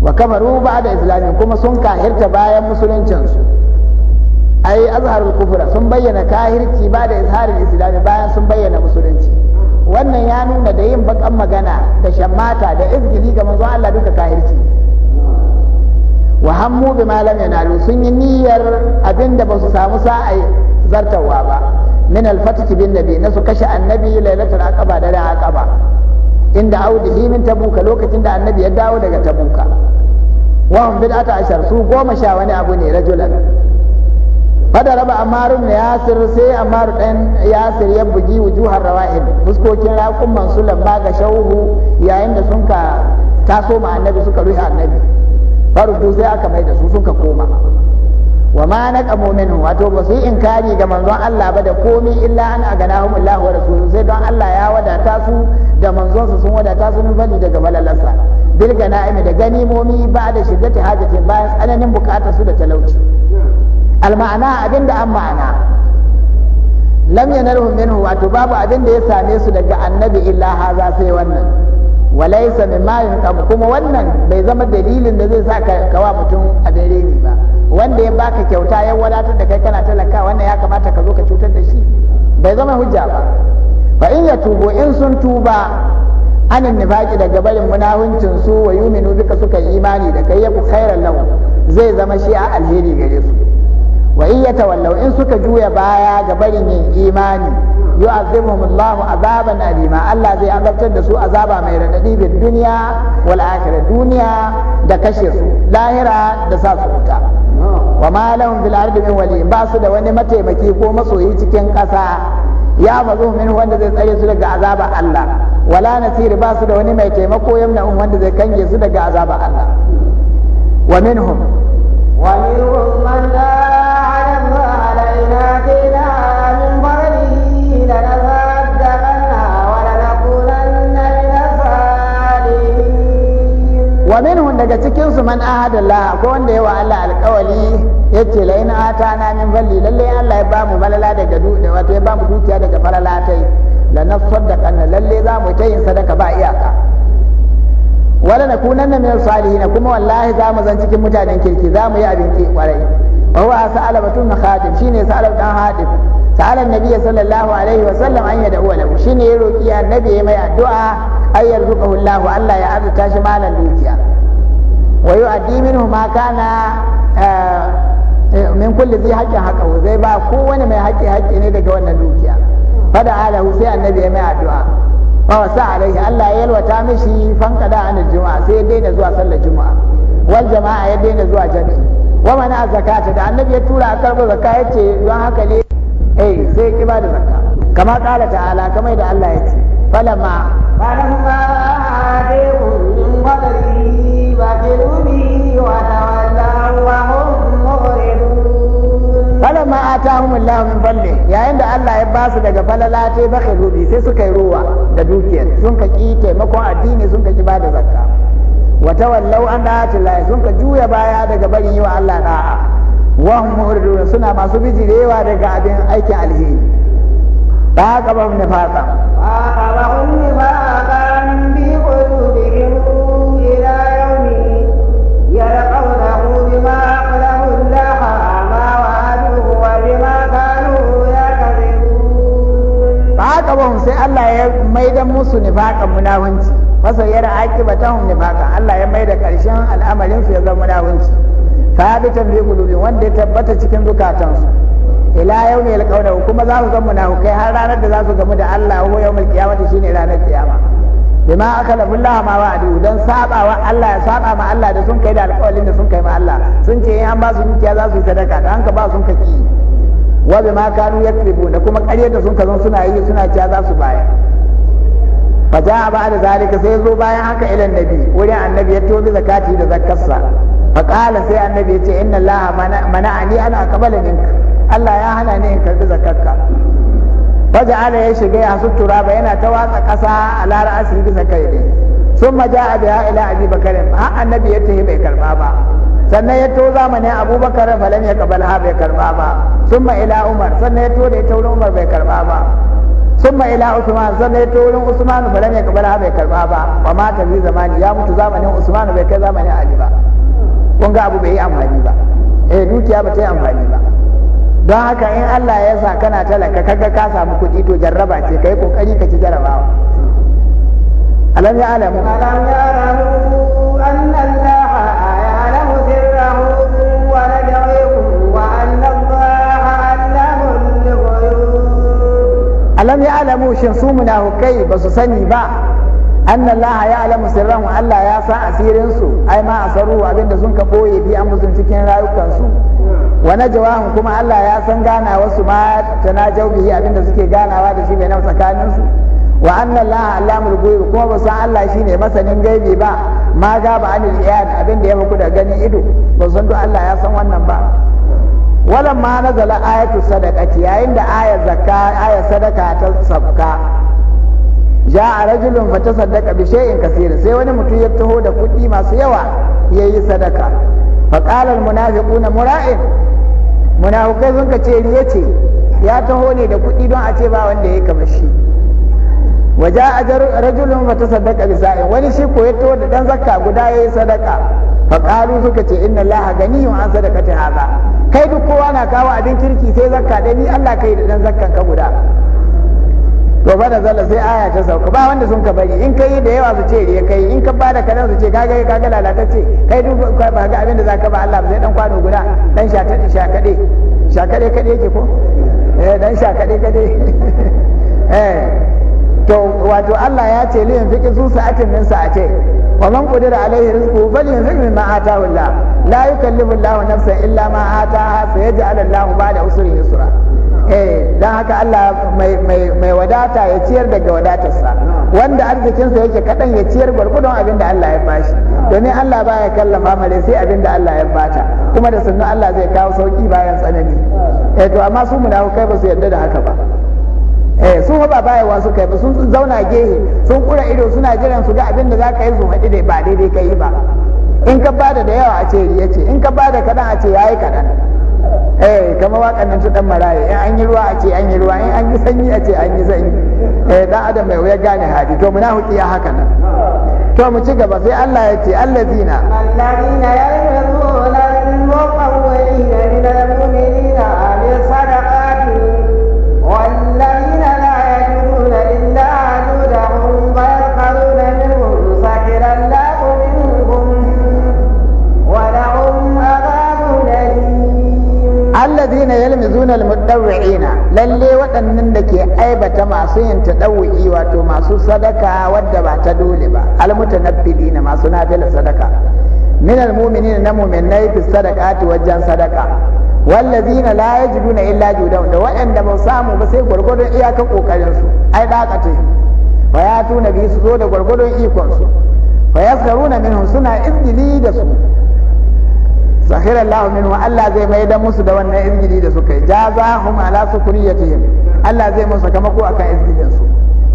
wa ba da islami kuma sun kahirta bayan musuluncinsu ai azharul kufra sun bayyana kahirci ba da izharul islami bayan sun bayyana musulunci wannan ya nuna da yin bakan magana da shammata da izgili ga manzon Allah duka kahirci wa hammu bi ma lam yanalu sun yi niyyar abinda ba su samu sa'a zartawa ba min al-fatih bin nabi na su kashe annabi lailatul aqaba da aqaba inda audi min tabuka lokacin da annabi ya dawo daga tabuka wa hum bid'ata ashar su goma sha wani abu ne rajulan fada raba amaru ne yasir sai amaru dan yasir ya bugi wujuhar rawahid fuskokin raqum mansulan ba ga shauhu yayin da sun ka taso ma annabi suka ruhi annabi farudu sai aka mai da su suka koma wa ma naqamu minhu wato ba su yi inkari ga manzon Allah ba da komi illa an aganahum Allah wa rasuluhu sai don Allah ya wadata su da manzonsa sun wadata sun fali daga malalansa bilga naimi da ganimomi ba da shiddati hajatin bayan tsananin bukatar su da talauci Alma'ana, ma'ana abinda an ma'ana lam yanalhum minhu wato babu abin da ya same su daga annabi illa haza sai wannan walaisa mimma yunqam kuma wannan bai zama dalilin da zai sa ka kawa mutum a reni ba wanda ya baka kyauta ya wadatar da kai kana talaka wannan ya kamata ka zo ka cutar da shi bai zama hujja ba fa in ya tubo in sun tuba anan nifaqi daga barin munawincin su wa yuminu bika suka imani da kai yaku khairan lahu zai zama shi a alheri gare su wa in yatawallau in suka juya baya ga barin yin imani yu'azimuhum Allah azaban alima Allah zai azabtar da su azaba mai raɗaɗi bin duniya wal akhirah duniya da kashe su lahira da sa su wuta wa ma lahum bil wali ba su da wani mataimaki ko masoyi cikin ƙasa ya fazo min wanda zai tsare su daga azaba Allah wala nasiri ba su da wani mai taimako yamna um wanda zai kange su daga azaba Allah wa minhum wa man la wa minhum daga cikin su man ahada Allah ko wanda yawa Allah alƙawali yace la in atana min falli lalle Allah ya bamu balala daga dukiya wato ya bamu dukiya daga falala tai la nasaddaqa lalle za mu ta yin sadaka ba iyaka wala nakunanna min salihin kuma wallahi za mu zan cikin mutanen kirki za mu yi abin kwarai wa sa'alaba tun khadim shine sa'alab dan hadim sa'alan nabiyyi sallallahu alaihi wa sallam an yad'u lahu shine ya roki annabi ya mai addu'a ay yarzuqahu Allah Allah ya azurta shi malan dukiya wa yu'addi minhu ma kana min kulli zai haƙƙin haƙa zai ba kowane mai haƙƙi haƙƙi ne daga wannan dukiya fada sai annabi ya mai addu'a fa wasa alaihi Allah ya yalwata mishi fanka da an juma'a sai ya daina zuwa sallar juma'a wal jama'a ya daina zuwa jami'i wa mana zakata da annabi ya tura a karɓar zakka ya ce don haka ne eh sai ki ba da zakka kama kala ta'ala kamar da Allah ya ce falamma falamma adehum min wadari wa kirubi wa tawallaw wa hum muridun falamma atahum Allah min falle yayin da Allah ya basu daga falala ce ba sai suka yi ruwa da dukiyar sun ka ki taimakon addini sun ka ki ba da zakka wa tawallau an da'ati Allah sun ka juya baya daga bayin yi wa Allah da'a wa hum muridun suna masu bijirewa daga abin aikin alheri ba ka ba mu nifaka ba ka ba mu nifaka bi qulubihim ila yawmi yarqawnahu bima qalahu Allah ma wa'aduhu wa bima kanu yakzibun ba ka ba sai Allah ya maidan musu nifakan munafanci fasayyar aqibatahum nifaqan Allah ya da karshen al'amarin su ya zama munawunci sabitan bi qulubi wanda ya tabbata cikin zukatansu ila ya alqawna kuma za su zama kai har ranar da za su gamu da Allah ko yawmul qiyamati shine ranar kiyama aka akala billahi ma adu dan wa Allah ya saba ma Allah da sun kai da alƙawarin da sun kai ma Allah sun ce in an ba su dukiya za su yi sadaka dan ka ba sun kaki wa ma kanu yakribu da kuma ƙarya da sun ka zo suna yi suna cewa za su bayar Maja ja'a ba'da zalika sai zo bayan haka ilan nabi wurin annabi ya tobi zakati da zakkarsa fa sai annabi ya ce inna allaha mana'ani ana aqbala minka Allah ya hana ni in karbi zakarka fa ja'ala ya shiga ya sutura ba yana ta watsa kasa ala ra'asi bisa kai ne sun ma ja'a biha ila abi bakarin har annabi ya bai karba ba sannan ya to abubakar ya ba sun umar sannan ya to taurin umar bai karba ba ثم ka عثمان bai يقولون عثمان فلم يقبلها بكربابا وما في زماني يا zamanin زماني عثمان kai زماني علي با kun ga abu bai yi amfani ba eh dukiya ba ta yi amfani ba don haka in Allah ya sa kana talaka kaga ka samu kuɗi to jarraba ce kai kokari ka ci jarrabawa alam ya alamu alam ya alamu annal alam ya alamu shin su munafukai ba su sani ba anna laha ya alamu sirran Allah ya san asirin su ai ma asaru abinda sun ka boye bi an musun cikin rayukan su wa kuma Allah ya san gana wasu ma tanajau bihi abinda suke ganawa da shi bai na tsakanin su wa anna alamul ghaib kuma ba san Allah shine masanin gaibi ba ma ga ba anil iyad abinda ya muku da gani ido ba san to Allah ya san wannan ba walan ma na zala ayatu sadaqati yayin da ayar zakka ayar sadaka ta sabka ja rajulun fa tasaddaqa bi shay'in kaseer sai wani mutum ya taho da kuɗi masu yawa yayi sadaka fa qala al munafiquna mura'in munafikai sun ka ce riye ce ya taho ne da kuɗi don a ce ba wanda yayi kamar shi waja rajulun fa tasaddaqa bi sa'in wani shi ko ya taho da dan zakka guda yayi sadaka faƙalu suka ce inna laha gani wa an ta haza kai duk kowa na kawo abin kirki sai zakka dai ni Allah kai da dan zakkan ka guda to fa zalla sai aya ta sauka ba wanda sun ka bari in kai da yawa su ce da kai in ka ba da kadan su ce kaga kaga lalatacce kai duk ba ga abin da zaka ba Allah sai dan kwano guda dan sha ta sha kade sha kade kade yake ko eh dan sha kade kade eh to wato Allah ya ce liyan fiqi su sa'atin min sa'ate wa man qadira alaihi bal falyanfiq mimma ataahu Allah la yukallifu Allahu nafsan illa ma ataaha sayaj'al Allahu ba'da usri yusra eh dan haka Allah mai mai wadata ya ciyar daga wadatarsa wanda arzikinsa yake kadan ya ciyar gwargwadon abin da Allah ya bashi domin Allah baya kallama mare sai abin da Allah ya bata kuma da sunan Allah zai kawo sauki bayan tsanani eh to amma su munafukai ba su yarda da haka ba eh sun ba bayawa suka yi ba sun zauna gehe sun kura ido suna jiran su ga abin da za ka yi su haɗi da ba daidai ka yi ba in ka bada da yawa a ce riya ce in ka bada kaɗan a ce ya yi kaɗan eh kamar waƙan nan ta dan maraye in an yi ruwa a ce an yi ruwa in an yi sanyi a ce an yi sanyi eh dan adam mai wuya gane hadi to muna ya haka nan to mu ci gaba sai Allah ya ce allazina allazina yarzu allazina yalmizuna almutawwi'ina lalle waɗannan da ke aibata masu yin tadawwi wato masu sadaka wadda ba ta dole ba almutanabbidina masu nafila sadaka min almu'minina na mu'minai fi sadaqati wajen sadaka wallazina la yajiduna illa judawn da waɗanda ba samu ba sai gwargwadon iyakar kokarin su ai dakata fa ya tuna su zo da gwargwadon ikon su fa yaskaruna minhum suna izgili da su sakhira Allah wa Allah zai mai da musu da wannan izgili da suka yi jazahum ala sukriyatihim Allah zai musu ko akan izgilin su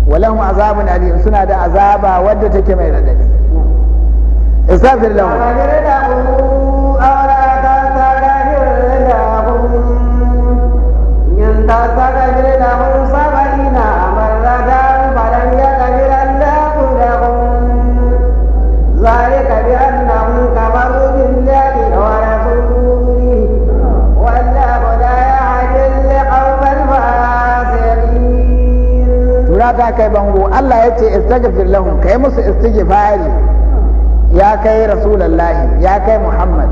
walahum azabun alim suna da azaba wadda take mai radadi استغفر ya kai bango Allah ya ce istaghfir lahum kai musu istighfari ya kai rasulullahi ya kai muhammad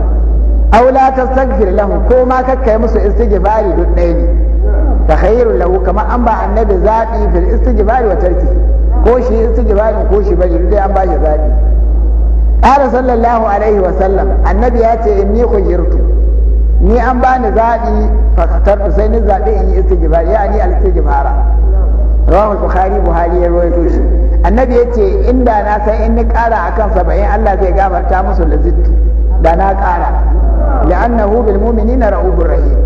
aw la tastaghfir lahum ko ma ka kai musu istighfari duk ɗaya ne takhayyur lahu kamar an ba annabi zabi fil istighfari wa tarki ko shi istighfari ko shi bari duk an ba shi zabi قال صلى الله عليه وسلم النبي ياتي اني خيرت ni an bani zabi fakatar sai ni zabi in yi istighfar ya ni al-istighfara rawar bukhari buhari ya rawaito shi annabi ya ce inda na san in ni kara kan saba'in allah zai gafarta musu da zittu da na kara la'annahu bil na ra'ubur rahim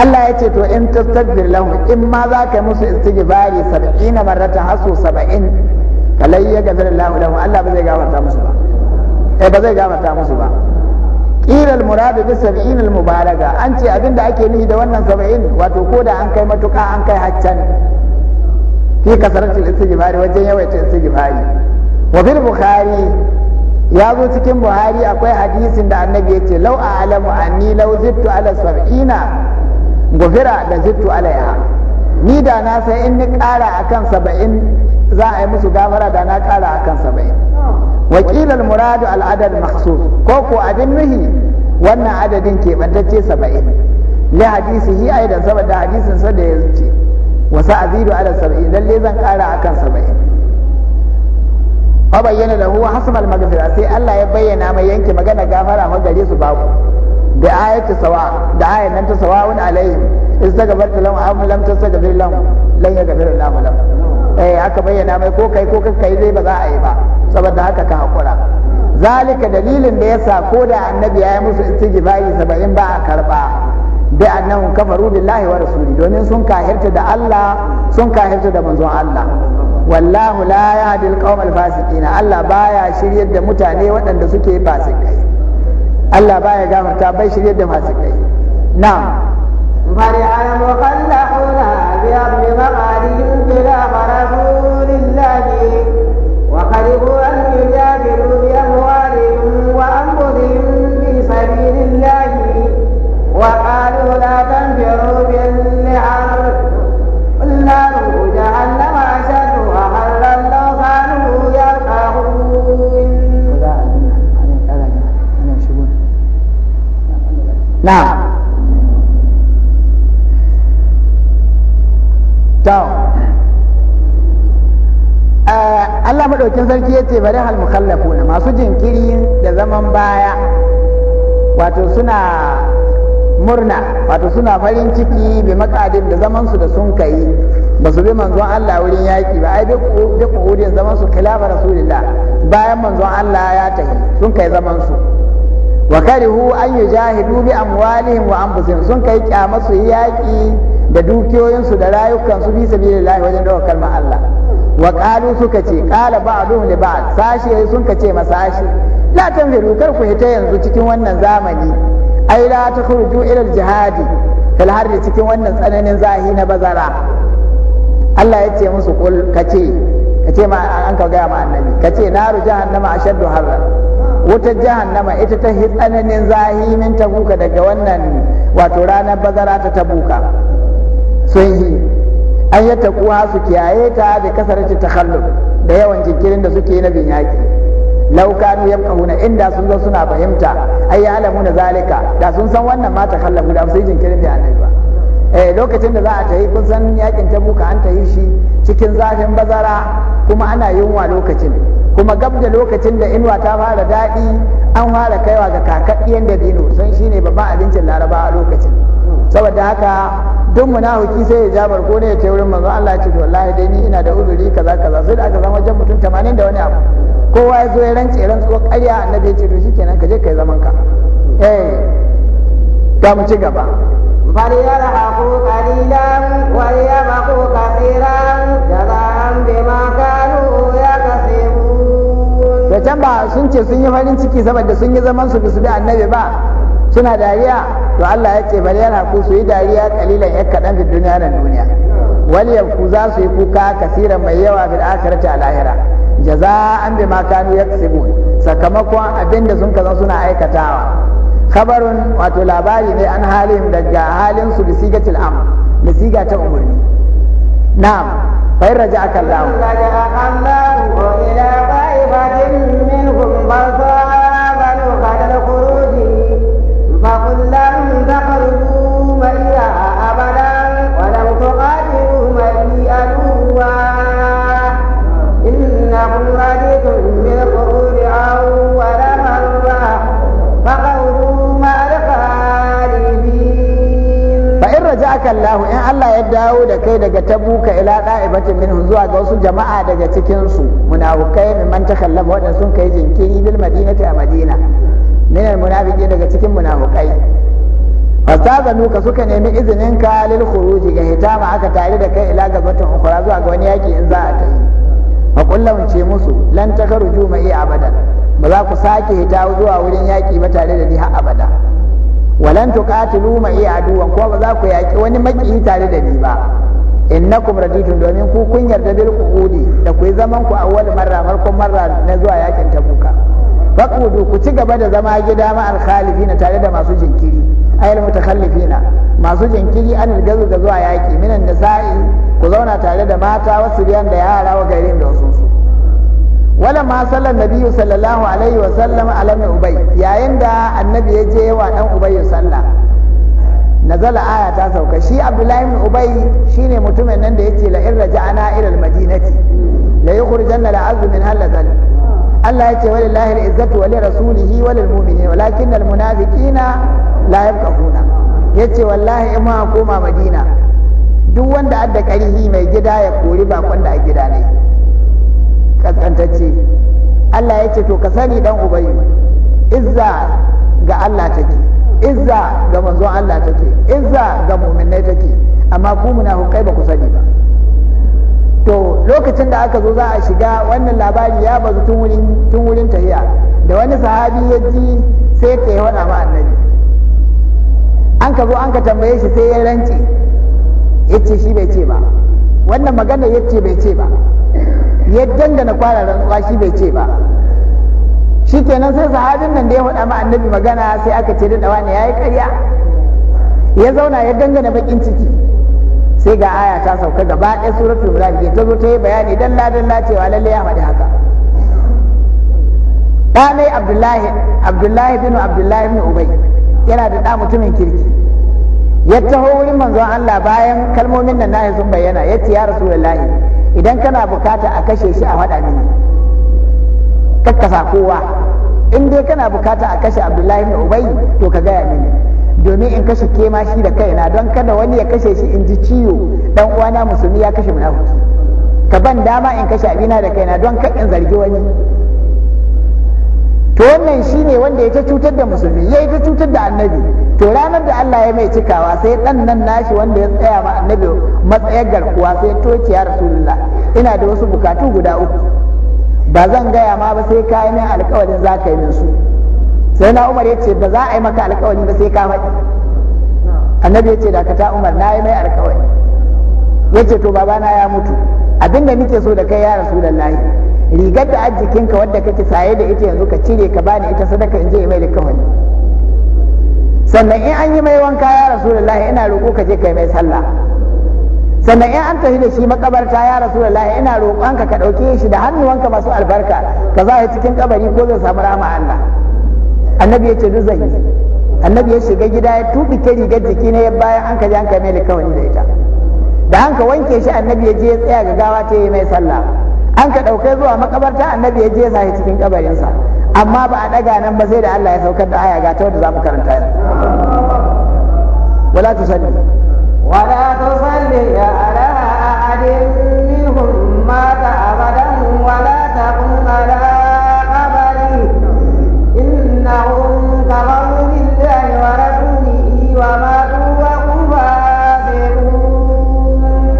Allah ya ce to in tastaghfir lahu, in ma za ka musu istighfari 70 marratan hasu 70 kalai ya gafara lahu lahum Allah ba zai gafarta musu ba eh ba zai gafarta musu ba ilal muradu bi sab'in al mubalaga an ce abinda ake nufi da wannan sab'in wato ko da an kai matuka an kai haccan fi kasaratul istighfari wajen yawaita istighfari wa fil bukhari ya zo cikin buhari akwai hadisin da annabi ya ce lau a alamu anni lau zittu ala sab'ina gufira da zittu alaiha ni da na sai in ni kara akan saba'in za a yi musu gafara da na kara akan saba'in wakilar muradu al'adar maksus ko ko abin nuhi wannan adadin kebantacce saba'in li hadisi hi aidan saboda hadisin sa da ya ce wasa azidu ala saba'in lallai zan ƙara akan saba'in fa da huwa hasmal magfira sai Allah ya bayyana mai yanke magana gafara ma su babu da ayatu sawa da ayan nan ta sawa'un alaihim istagfarta lahum am lam tastaghfir lahum lan yaghfir Allahu lahum eh aka bayyana mai ko kai ko kai zai ba za a yi ba saboda haka ka hakura zalika dalilin da yasa ko da annabi ya yi musu istighfari 70 ba a karba bi annahum kafaru billahi wa rasuli domin sun kahirta da Allah sun kahirta da manzon Allah wallahu la yahdi alqawm alfasiqina Allah baya shiryar da mutane waɗanda suke fasikai Allah baya gafarta bai shiryar da fasikai Na, bari al-muqallahuna بأرض مقالهم بلا قرار لله وخلقوا أن يجادلوا بأموالهم وأنفسهم في سبيل الله وقالوا لا تنفروا بالنعم قل نار جهنم أشد وحرا لو كانوا يلقون نعم Eh, Allah maɗaukin sarki ya ce bari hal na masu jinkiri da zaman baya wato suna murna wato suna farin ciki bi makadin da zaman su da sun kai ba su bi manzon Allah wurin yaki ba ai bi kuɗin zaman su khilafa rasulillah bayan manzon Allah ya tafi sun kai zaman su wa karihu an yujahidu bi amwalihim wa anfusihim sun kai kyamar su yaki da dukiyoyinsu da rayukansu bisa biyu da lahi wajen daukar kalmar Allah wa qalu suka ce ba qala ba'dhum li ba'd sashi sun ka ce masashi la tanziru kar ku ta yanzu cikin wannan zamani ai la takhruju ila al-jihadi fil harri cikin wannan tsananin zahi na bazara Allah ya ce musu kul Ka ce ma an ka ga ma annabi Ka ce naru jahannama ashaddu harra wutar jahannama ita ta hi tsananin zahi min ta tabuka daga wannan wato ranar bazara ta ta tabuka sun yi an yi takuwa su kiyaye ta da kasarci takhalluf da yawan jinkirin da suke na bin yaki ya kanu na inda sun zo suna fahimta alamu na zalika da sun san wannan ma takhallafu da yi jinkirin da annabi ba eh lokacin da za a tayi kun san yakin tabuka an tayi shi cikin zafin bazara kuma ana yunwa lokacin kuma gab da lokacin da inuwa ta fara daɗi an fara kaiwa ga kakaɗiyan da dino sun shine babban abincin larabawa lokacin saboda haka duk munafiki sai ya ja barko ne ya ce wurin manzo Allah ce to wallahi dai ni ina da uzuri kaza kaza sai da aka zama wajen mutum 80 da wani abu kowa ya zo ya rantse rantsuwa ƙarya annabi ya ce to shikenan ka je kai zaman ka eh ga mu ci gaba فليضحكوا قليلا وليبقوا كثيرا جزاء بما كانوا ya da can ba sun ce sun yi farin ciki saboda sun yi zaman su bisu bi annabi ba suna dariya to Allah ya ce bal yana ku su yi dariya kalilan ya kaɗan fi duniya nan duniya wani yanku za su yi kuka kasiran mai yawa fil akhirati a lahira jaza'an bima kanu yaksibun sakamakon abin da sun kaza suna aikatawa khabarun wato labari ne an halin daga halin su bi sigatil amr da siga ta umarni. na'am bai in raja'aka Allah ila minhum ka Allah in Allah ya dawo da kai daga tabuka ila da'ibatin minhu zuwa ga wasu jama'a daga cikin su munafikai min man takallama wadan sun kai jinkiri bil madinati a madina min al munafiqi daga cikin munafikai fastazanu ka suka nemi izinin ka lil khuruj ga hitama aka tare da kai ila gabatin ukhra zuwa ga wani yaki in za a tafi fa kullum ce musu lan takaruju mai abada ba za ku sake hita zuwa wurin yaki ba tare da ni har abada walan tuqatilu ma iya aduwan ko ba za ku yaki wani makiyi tare da ni ba innakum raditun domin ku kun yarda bil qudi da ku zaman ku awwal marra farkon marra na zuwa yakin tabuka faqudu ku ci gaba da zama gida ma al khalifina tare da masu jinkiri ayal mutakhallifina masu jinkiri an gazu da zuwa yaki minan sai ku zauna tare da mata wasu biyan da yara wa garin da wasu su wala ma sallan nabiyyu sallallahu alaihi wa sallam alami ubay yayin da annabi ya je wa dan ubay sallah nazala aya ta sauka shi abdullahi ibn ubay shine mutumin nan da yace la in raja'ana ila almadinati la yukhrijanna la'azzu min halazal Allah yace walillahi al-izzatu wa li rasulihi wa lil mu'minin walakin al-munafiqina la yafqahuna yace wallahi in ma koma madina duk wanda adda karihi mai gida ya kori bakon da a gida ne kaskantacce Allah ya ce to ka sani dan ubayu izza ga Allah take izza ga manzo Allah take izza ga mu'minai take amma ku hukai ba ku sani ba to lokacin da aka zo za a shiga wannan labari ya bazu tun wurin tun wurin tahiya da wani sahabi ya ji sai ta yi wani annabi an ka zo an ka tambaye shi sai ya rance ya ce shi bai ce ba wannan magana ya ce bai ce ba ya dangana kwara rantsuwa shi bai ce ba shi kenan sai sahabin nan da ya faɗa ma annabi magana sai aka ce daɗawa ne ya yi ƙarya ya zauna ya dangana bakin ciki sai ga aya ta sauka gaba ɗaya suratul mulafiqin ta zo ta yi bayani dalla dalla cewa lallai ya faɗi haka ɗanai abdullahi abdullahi bin abdullahi bin ubay yana da ɗa mutumin kirki ya taho wurin manzon Allah bayan kalmomin nan nahi sun bayyana ya ce ya rasulullahi idan kana bukata a kashe shi a faɗa mini kakkasa kowa in dai kana bukata a kashe abdullahi ne ubai to ka gaya mini domin in kashe ke ma shi da kaina don kada wani ya kashe shi in ji ciwo dan uwana musulmi ya kashe munafiki ka ban dama in kashe abina da kaina don kan in zargi wani to wannan shine wanda ya ta cutar da musulmi ya ta cutar da annabi to ranar da Allah ya mai cikawa sai dan nan nashi wanda ya tsaya ma annabi matsayar garkuwa sai toce ya rasulullah ina da wasu bukatu guda uku ba zan gaya ma ba sai ka yi min alkawarin za ka yi min su sai na umar ya ce ba za a yi maka alkawarin ba sai ka faɗi annabi ya ce da ka ta umar na yi mai alkawari ya ce to babana ya mutu abinda nake so da kai ya rasulullahi rigar da arzikinka wadda kake saye da ita yanzu ka cire ka bani ita sadaka in je mai da sannan in an yi mai wanka ya rasulullahi ina roƙo ka je kai mai sallah sannan in an tafi da shi makabarta ya rasulullahi ina an ka ɗauke shi da hannuwanka masu albarka ka za cikin kabari ko zai samu rama Allah annabi ya ce duk zai annabi ya shiga gida ya tuɓi ta rigar jiki na ya bayan an ka je an kai mai likawani da ita da an ka wanke shi annabi ya je ya tsaya ga gawa ta yi mai sallah an ka ɗauke zuwa makabarta annabi ya je ya sa cikin kabarinsa amma ba a daga nan ba sai da Allah ya saukar da aya ga ta wanda zamu karanta yanzu wala salli wala salli ya ala ahadin minhum mata abadan wala ta taqum ala qabri innahum kafaru billahi wa rasulihi wa matu wa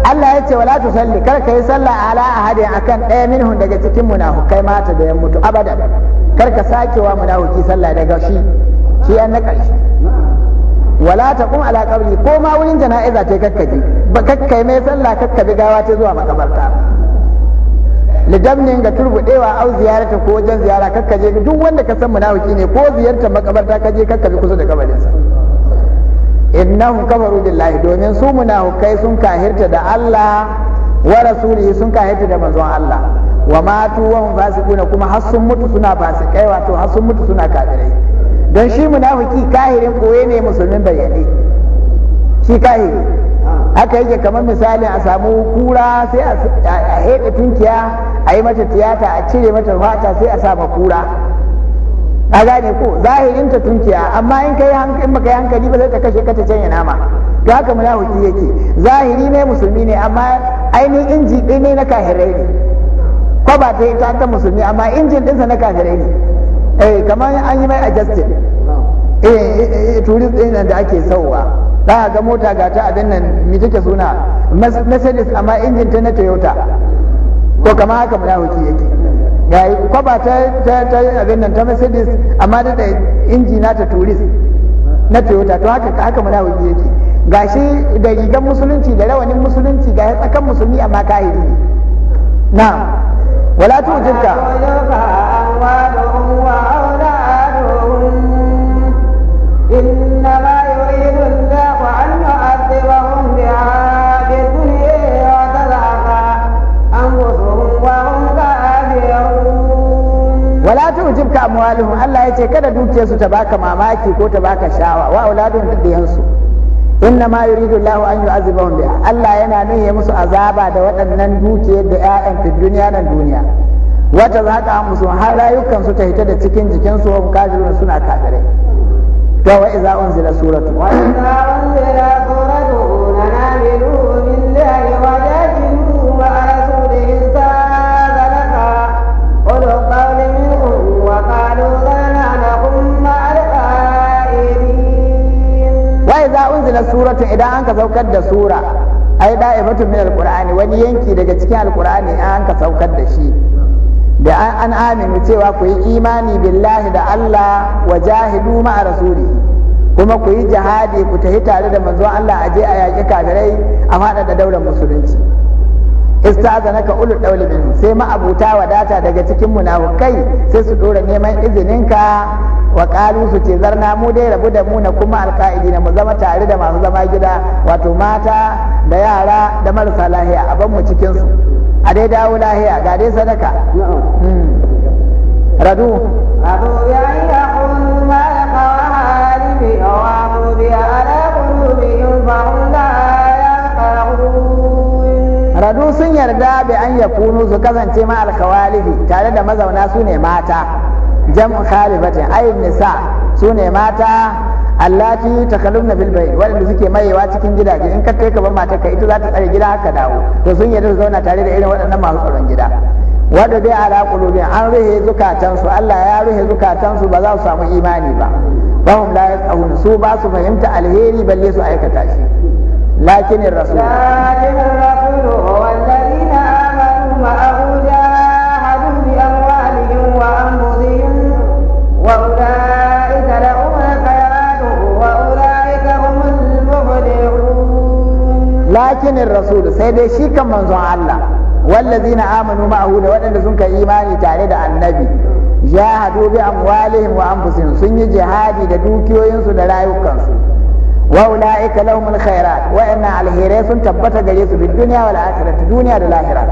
Allah ya ce wala salli kar ka yi sallah ala ahadin akan ɗaya minhum daga cikin munafukai mata da yan mutu abadan kar ka sake wa munafiki sallah daga shi shi an na wala ta kuma ala kabri ko ma wurin jana'iza ta kakkaje ba kakkai mai sallah kakkabi gawa ta zuwa makabarta lidamnin ga turbudewa au ziyarata ko wajen ziyara kakkaje duk wanda ka san munafiki ne ko ziyartar makabarta kaje kakkabi kusa da sa innahum kafaru billahi domin su munafukai sun kahirta da Allah wa rasuli sun kahirta da manzon Allah wa matu wa hum fasiquna kuma har sun mutu suna fasikai wato har sun mutu suna kafirai don shi munafiki kahirin koye ne musulmin bayyane shi kahiri haka yake kamar misali a samu kura sai a heɗe tunkiya a yi mata tiyata a cire mata fata sai a sa kura a gane ko zahirin ta tunkiya amma in kai hankali baka yi hankali ba sai ta kashe ka ta canya nama to haka munafiki yake zahiri ne musulmi ne amma ainihin inji ne na kahirai ne ko ba ta yi ta ta musulmi amma injin ɗinsa na kafirai ne eh kamar an yi mai adjustin eh, eh, eh turist ɗin nan da ake sauwa za ga mota ga ta abin nan mi take suna mercedes amma injin ta na toyota to kamar haka munafiki yake yayi ko ba ta ta abin nan ta mercedes amma da inji na ta turist na toyota to haka haka munafiki yake gashi da rigar musulunci da rawanin musulunci ga tsakan musulmi amma kahiri ne na'am wala tujibka wala tujibka amwaluhum Allah yace kada dukiyarsu ta baka mamaki ko ta baka shawa wa auladun da yansu inna ma yuridu Allahu an yu'azzibahum biha Allah yana nuna musu azaba da waɗannan dukiyar da ƴaƴan fi duniya nan duniya wata za ka musu har rayukan su ta hita da cikin jikin su wa kafirun suna kafirai to wa idza unzila suratu wa idza unzila suratu nanabiru billahi wa jahilu wa rasulihi sadaka qul qawli minhu wa qalu lana nakum ma'al qa'idin wa idza unzila suratun idan an ka saukar da sura ai fatu min alqur'ani wani yanki daga cikin alqur'ani an ka saukar da shi da an aminu cewa ku yi imani billahi da Allah wa jahidu ma'a rasuli kuma ku yi jihadi ku tafi tare da manzon Allah a je a yaƙi kafirai a faɗa da daular musulunci istazanaka ulul dawli min sai ma ma'abuta wadata daga cikin munafukai sai su dora neman izinin ka wa su ce zarna mu dai rabu da mu na kuma alka'idi na mu zama tare da masu zama gida wato mata da yara da marasa lahiya a ban mu cikin su a dai dawo lahiya ga dai sadaka hmm. radu abu ya yi aqulu ma yaqawa halibi aw aqulu bi ala qulubihim fa hum radu sun yarda bi an kunu su kasance ma alkawalifi tare da mazauna su ne mata jam'u khalibatin ayin nisa sune mata allati takalumna bil bayt wanda suke mayewa cikin gidaje in ka kai ka ban mata ka ita za ta tsare gida haka dawo to sun yarda su zauna tare da irin waɗannan masu tsaron gida wanda bai ala qulubin an ruhe zukatansu Allah ya ruhe zukatansu ba za su samu imani ba bahum la su ba su fahimta alheri balle su aikata shi lakin rasul lakin rasul wallazina amanu ma'a lakinin rasulu, sai dai shi kan manzon Allah wallazina amanu ma'ahu da waɗanda sun kai imani tare da annabi jahadu bi amwalihim wa sun yi jihadi da dukiyoyinsu da rayukansu wa ulaika lahumul khairat wa inna sun tabbata gare su bid dunya wal akhirati duniya da lahira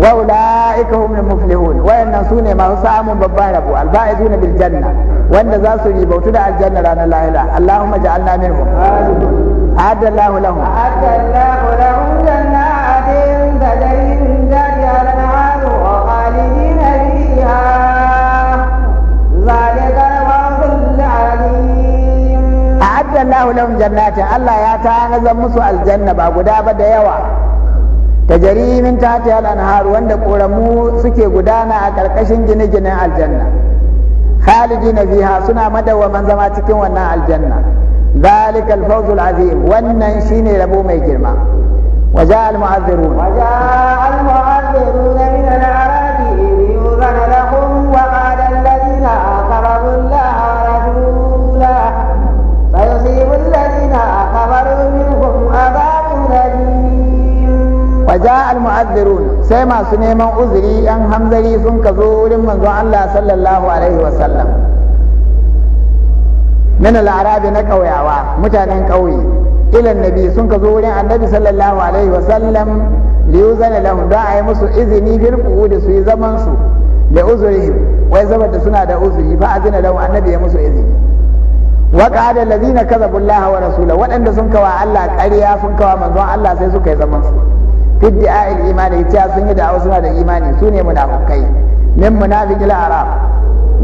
wa ulaika humul muflihun wa inna sune masu samun babban rabo alba'izuna bil janna wanda za su ribautu da aljanna ranar lahira allahumma ja'alna minhum amin A'addan lahu lahu, Allah ya ta'a na musu aljanna ba guda ba da yawa, ta jarimin tata'a lana haru wanda ƙoramu suke gudana a ƙarƙashin gine-ginen aljanna, Khalidu Nabiha suna madauwa man zama cikin wannan aljanna. ذلك الفوز العظيم wannan shine rabo mai girma وجاء المعذرون وجاء المعذرون من الأعراب ليؤذن لهم وقال الذين كفروا الله ورسوله فيصيب الذين كفروا منهم عذاب أليم وجاء المعذرون سيما سنيما أذري أن همزري سنكزور من الله صلى الله عليه وسلم min al'arabi na ƙauyawa mutanen ƙauye ilan nabi sun ka zo wurin annabi sallallahu alaihi wa sallam li yuzana lahum ayi musu izini fil qu'udi su yi zaman su da uzuri wai zama da suna da uzuri fa azina lahum annabi ya musu izini wa qala allazina kadhabu Allah wa rasulahu waɗanda sun kawa Allah ƙarya sun kawa manzon Allah sai suka yi zaman su fi sun yi da'awa suna da imani su ne munafukai min munafiqil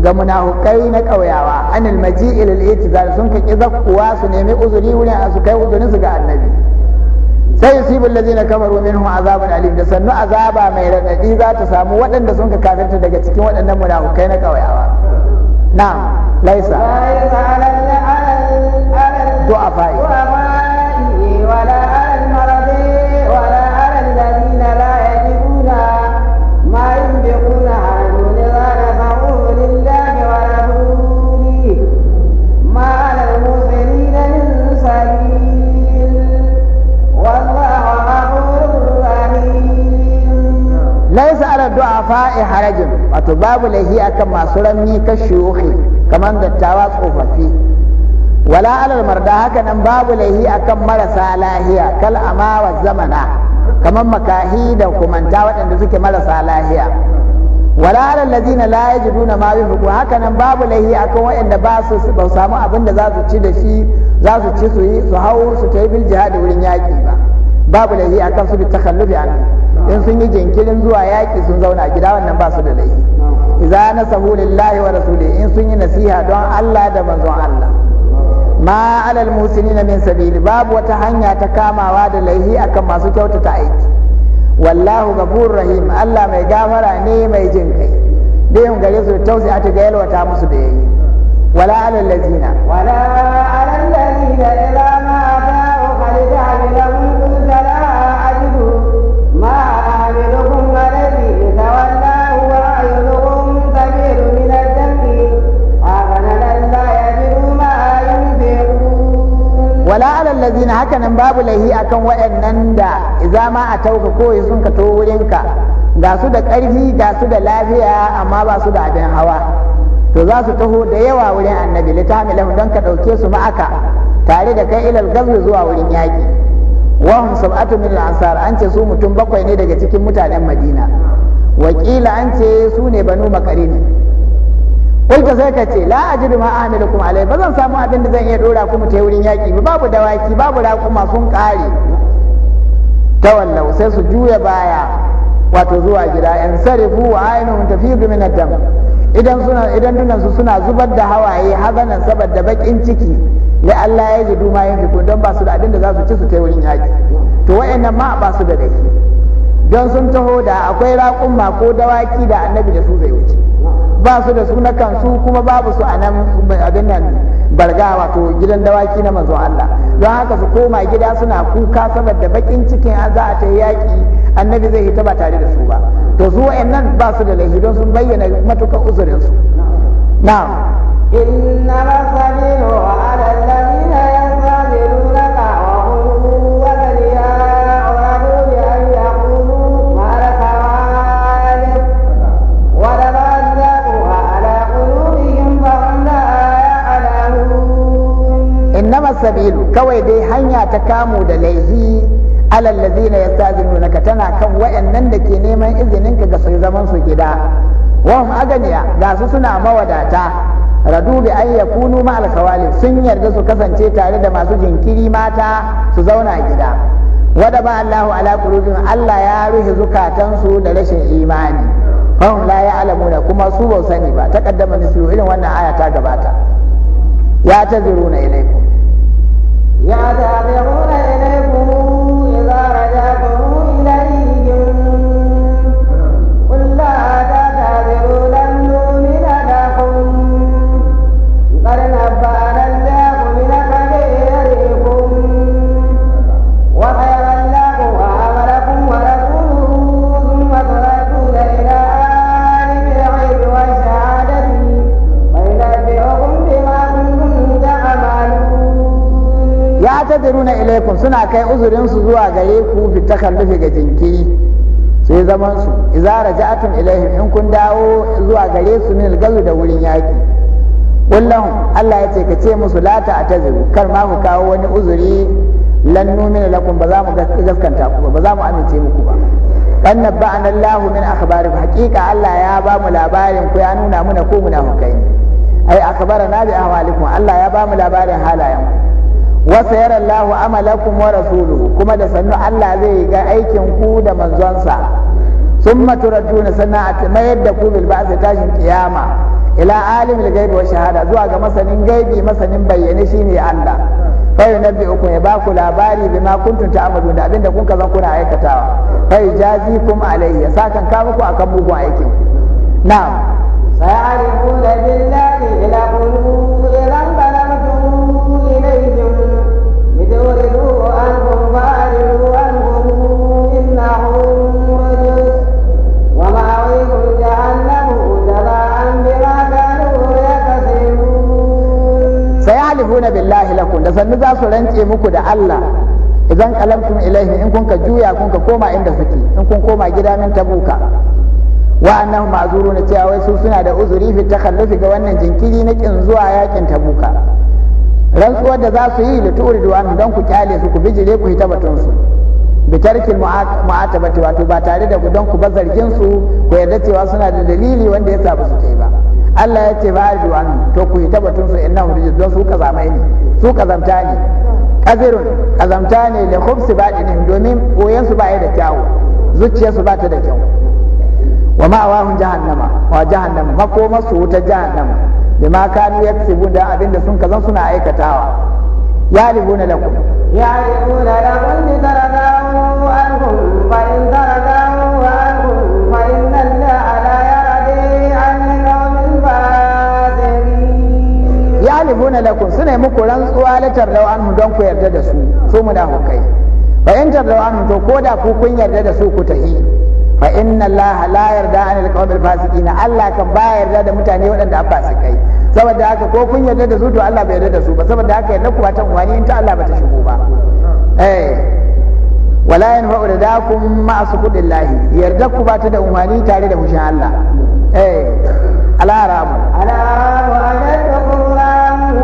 ga munafukai na ƙauyawa an ilmaji ilil itizar sun ka ƙi zakkuwa su nemi uzuri wurin su kai uzurin su ga annabi sai su yi na kamar wani hun azabar alim da sannu azaba mai raɗaɗi za ta samu waɗanda sun ka kafirta daga cikin waɗannan munafukai na ƙauyawa Na laisa a fa'i laisa ala du'a fa'i harajin wato babu lahi akan masu ranni ka shuyuhi kamar dattawa tsofaffi wala alal hakanan babu lahi akan marasa lahiya kal amawa zamana kamar makahi da kumanta waɗanda suke marasa lahiya wala alal ladina la yajiduna ma yunfiqu haka nan babu lahi akan waɗanda ba su samu abin da za su ci da shi za su ci hau su tayi bil jihad wurin yaki ba babu lahi akan su bi takallufi anan in sun yi jinkirin zuwa yaƙi sun zauna gida wannan ba su da laifi Iza nasahu lillahi wa rasuli in sun yi nasiha don Allah da manzon Allah ma alal musinina min sabili babu wata hanya ta kamawa da laifi akan masu kyautata aiki wallahu gafur rahim Allah mai gafara ne mai jin kai mun gare su tausi a ga yalwata musu da yayi wala alal ladina wala alal ladina ila ma ba'u qalida lahum wala alal Lazina hakanan babu lahi akan waɗannan da idza ma tauka ko sun ka to wurinka ga su da ƙarfi ga su da lafiya amma ba su da abin hawa to za su taho da yawa wurin annabi litamilahu don ka ɗauke su ma'aka tare da kai ilal gazli zuwa wurin yaƙi hum sab'atu min al-ansar an ce su mutum bakwai ne daga cikin mutanen madina wakila an ce su ne banu makarini kulta sai ka ce la ajidu ma amilukum alai ba zan samu abin da zan iya dora ku mu ta wurin yaki ba babu dawaki babu raƙuma sun kare wallahu sai su juya baya wato zuwa gida in sarifu wa ainihin tafidu min dam idan suna idan dunan su suna zubar da hawaye hazanan saboda bakin ciki ne Allah ya ji duma yin don ba su da abin da za su ci su ta wurin yaki to wayannan ma ba su da dake don sun taho da akwai raƙuma ko dawaki da annabi da su zai wuce ba su da suna kansu kuma babu su a nan abin nan barga wato gidan dawaki na manzon Allah don haka su koma gida suna kuka saboda bakin cikin an za a ta yaki annabi zai hita ba tare da su ba to su nan ba su da lahi don sun bayyana matukar uzurin su na'am inna sabilu kawai dai hanya ta kamu da laihi alal ladina yastazinunaka tana kan wayannan da ke neman izinin ka ga sai zaman su gida wahum aganiya ga su suna mawadata radu bi an yakunu ma al sun yarda su kasance tare da masu jinkiri mata su zauna gida wada ba Allahu ala qulubihim Allah ya ruhi zukatansu da rashin imani fahum la ya'lamuna kuma su bau sani ba taqaddama nisru irin wannan aya ta gabata ya taziruna ilaikum يعتذرون إليه yu'ziruna ilaykum suna kai uzurin su zuwa gare ku bi takallufi ga jinkiri sai zaman su idza raja'atum ilaihim in kun dawo zuwa gare su min galu da wurin yaki Kullum Allah ya ce ka ce musu la ta'taziru kar ma ku kawo wani uzuri lan numina lakum ba za mu gaskanta ku ba za mu amince muku ba kan nabba'ana Allahu min akhbari haqiqa Allah ya ba mu labarin ku ya nuna muna ko hukai ai akhbarana bi ahwalikum Allah ya ba mu labarin halayen ku wasayar amala amalakum wa rasuluhu kuma da sannu Allah zai yi ga aikin ku da manzonsa summa turajuna sana'at mayar da ku bil ba'si tashin kiyama ila alimil gaibi wa shahada zuwa ga masanin gaibi masanin bayyane shine Allah fa yunabbi'ukum ya baku labari bima kuntum ta'malun da abinda kun kaza kuna aikatawa fa yajazikum alayhi sakan ka muku akan bugun aikin na'am sayarifuna billahi ila qulubi halifuna billahi lakum da sannu za su rantse muku da Allah idan qalamtum ilaihi in kun juya kun koma inda suke in kun koma gida min tabuka wa annahum ma'zurun cewa wai su suna da uzuri fi takhallufi ga wannan jinkiri na kin zuwa yakin tabuka rantsuwar da za su yi da turidu an don ku kyale su ku bijire ku hita batun su bitarkin mu'atabati wato ba tare da ku don ku ba zargin su ku yarda cewa suna da dalili wanda ya sa ba su yi ba Allah ya ce ba a juwan to ku yi tabbatun su ina wuri don su zama ne su ka zamta ne kazirun kazamta ne da khubsi ba ɗinin domin koyan su ba ya da kyawu zuciyar su ba ta da kyau wa ma'awahun jahannama wa jahannama makoma su wuta jahannama ma kanu yaksubu da abinda sun kazan suna aikatawa yalibuna lakum yalibuna lakum bi mu anhum fa in taradau halifuna lakum suna muku rantsuwa la tarlau anhum don ku yarda da su su hukai fa in tarlau anhum to ko da ku kun yarda da su ku tahi fa inna Allah la yarda an alqawmil fasiqin Allah kan ba yarda da mutane waɗanda su kai, saboda haka ko kun yarda da su to Allah bai yarda da su ba saboda haka yarda ku ba ta umarni in ta Allah ba ta shigo ba eh wala yanfa'u da dakum ma asuqudillahi yarda ku ba ta da umarni tare da mushin Allah eh alaramu ala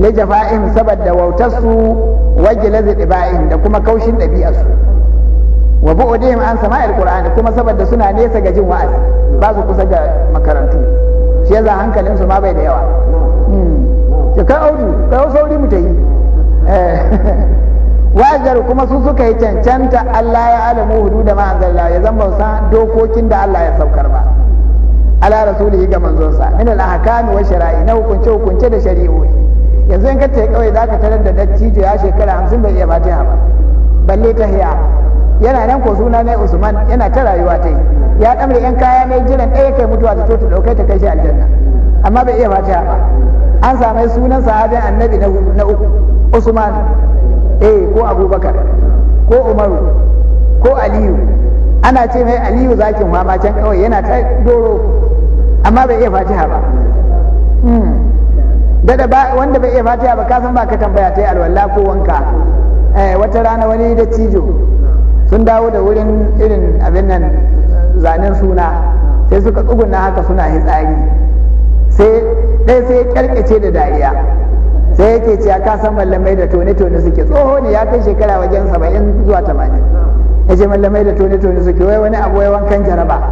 li jafa'in saboda wautarsu waje lazi ɗiba'in da kuma kaushin ɗabi'arsu wa bu'udihim an sama'il qur'ani kuma saboda suna nesa ga jin wa'azi ba su kusa ga makarantu shi yasa hankalin su ma bai da yawa hmm. to kai audu kai sauri mu tayi eh. wa'azar kuma su suka yi cancanta Allah ya alamu hududa ma anzalla ya zama san dokokin da Allah ya saukar ba ala rasulihi ga manzonsa min al-ahkam wa shara'i na hukunce hukunce da shari'o'i yanzu in ka ta kawai za ka tarar da dattijo ya shekara hamsin bai iya fatiha ba balle ta hiya yana nan ko suna ne usman yana ta rayuwa ta yi ya ɗamre yan kaya ne jiran ɗaya kai mutuwa ta tota ɗaukai ta kai shi aljanna amma bai iya fatiha ba an sami sunan sahabin annabi na uku usman eh ko abubakar ko umaru ko aliyu ana ce mai aliyu zakin ma can kawai yana ta doro amma bai iya fatiha ba hmm. da ba wanda bai iya fatiha ba san ba ka tambaya ta yi alwala ko wanka eh wata rana wani da cijo sun dawo da wurin irin abin nan zanen suna sai suka tsuguna haka suna hitsari sai ɗaya sai ya kyarkace da dariya sai yake cewa ka san mallamai da tone tone suke tsoho ne ya kai shekara wajen saba'in zuwa tamanin ya ce mallamai da tone tone suke wai wani abu wai wankan jaraba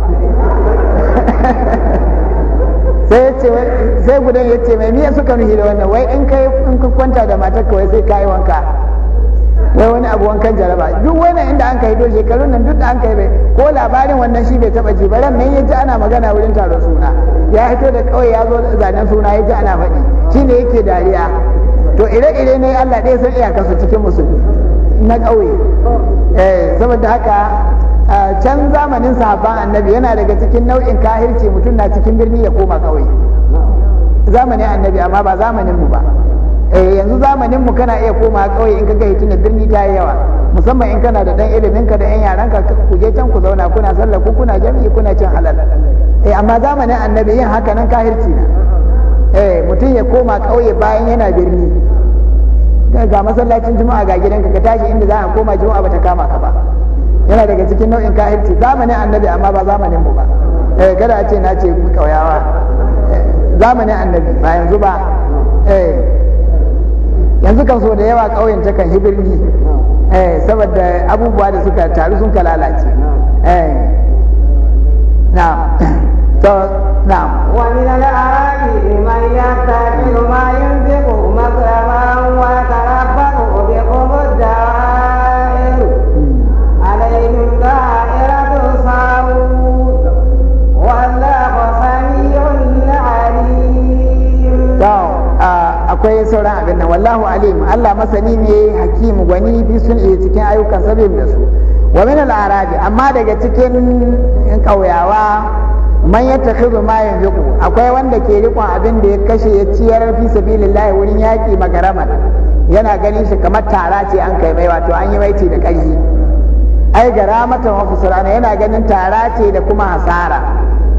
sai gudan ya ce mai miya suka nuhi da wannan wai in kai in ka kwanta da matar ka wai sai kayi wanka wai wani abu wankan jaraba duk wannan inda an kai doshe shekarun nan duk da an kai bai ko labarin wannan shi bai taba ji ba ran yaji ana magana wurin taron suna ya fito da kawai ya zo zanen suna yaji ana faɗi ne yake dariya to ire-ire ne Allah ɗaya san iyakarsu cikin musulmi na ƙauye eh, saboda haka can zamanin sahabban annabi yana daga cikin nau'in kahirci mutum na cikin birni ya koma kawai zamanin annabi amma ba zamanin mu ba eh yanzu zamanin mu kana iya koma kawai in kaga hitin birni ta yi yawa musamman in kana da dan ilimin ka da yan yaran ka ku je can ku zauna kuna sallah ku kuna jami'i kuna cin halal eh amma zamanin annabi yin haka nan kahirci ne eh mutum ya koma kauye bayan yana birni ga masallacin juma'a ga gidanka ka tashi inda za a koma juma'a bata kama ka ba yana daga cikin nau'in kahirci zamanin annabi amma ba zamanin mu ba eh kada a ce na ce kauyawa eh, zamanin annabi ba yanzu ba eh yanzu kan so da yawa ƙauyen ta kan hibirni eh saboda abubuwa da suka taru sun kalalace eh na'am to na wa ni mai arabi man yastaqilu ma ta makraman wa ta akwai sauran abin nan wallahu alim Allah masani ne hakimu gwani bi sun iya cikin ayyukan sabin da su wa min al arabi amma daga cikin kauyawa man khidu ma yanfiqu akwai wanda ke rikon abin da ya kashe ya ciyar fi sabilillahi wurin yaki magarama yana ganin shi kamar tara ce an kai mai wato an yi maiti da ƙarfi ai garamatan wa fusurana yana ganin tara ce da kuma hasara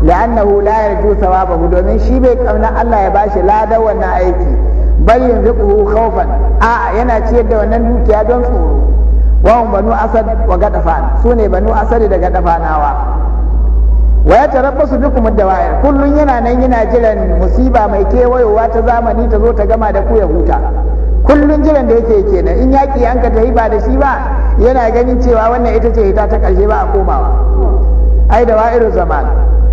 la'annahu la yarju thawabahu domin shi bai kamna Allah ya bashi ladan wannan aiki bal yanzuquhu khawfan a yana ciyar da wannan dukiya don tsoro wa banu asad wa gadafan sune banu asad da gadafanawa wa ya tarabbasu bikum dawa'ir kullun yana nan yana jiran musiba mai kewayowa ta zamani ta zo ta gama da ku ya huta kullun jiran da yake kenan in yaki an ka tahi ba da shi ba yana ganin cewa wannan ita ce ita ta karshe ba a komawa ai da wa'iru zaman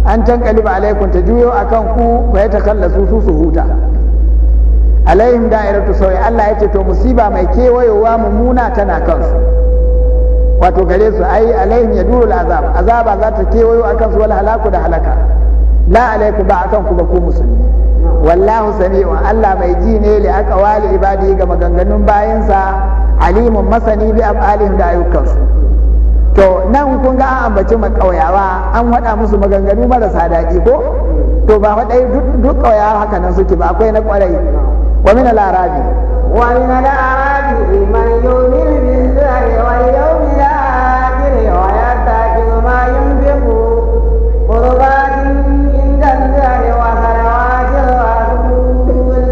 an ba alaikum ta juyo akan ku ba ya takallasu su su huta alaihim da'iratu sauyi Allah yace to musiba mai kewayowa mummuna tana kansu wato gare su ai alaihim yadurul azab azaba za ta kewayo akan su wal halaku da halaka la alaiku ba akan ku ba ku musulmi wallahu sami'u Allah mai ji ne li aqwali ibadi ga maganganun bayansa alimun masani bi af'alihim da ayyukansu to nan kun ga an ambaci makauyawa an wada musu maganganu marasa daɗi ko to ba wadai duk kauyawa haka nan suke ba akwai na kwarai ومن الأعراب ومن الأعراب من يؤمن بالله واليوم الآخر ويتخذ ما ينفق قربات عند الله وصلوات الرسول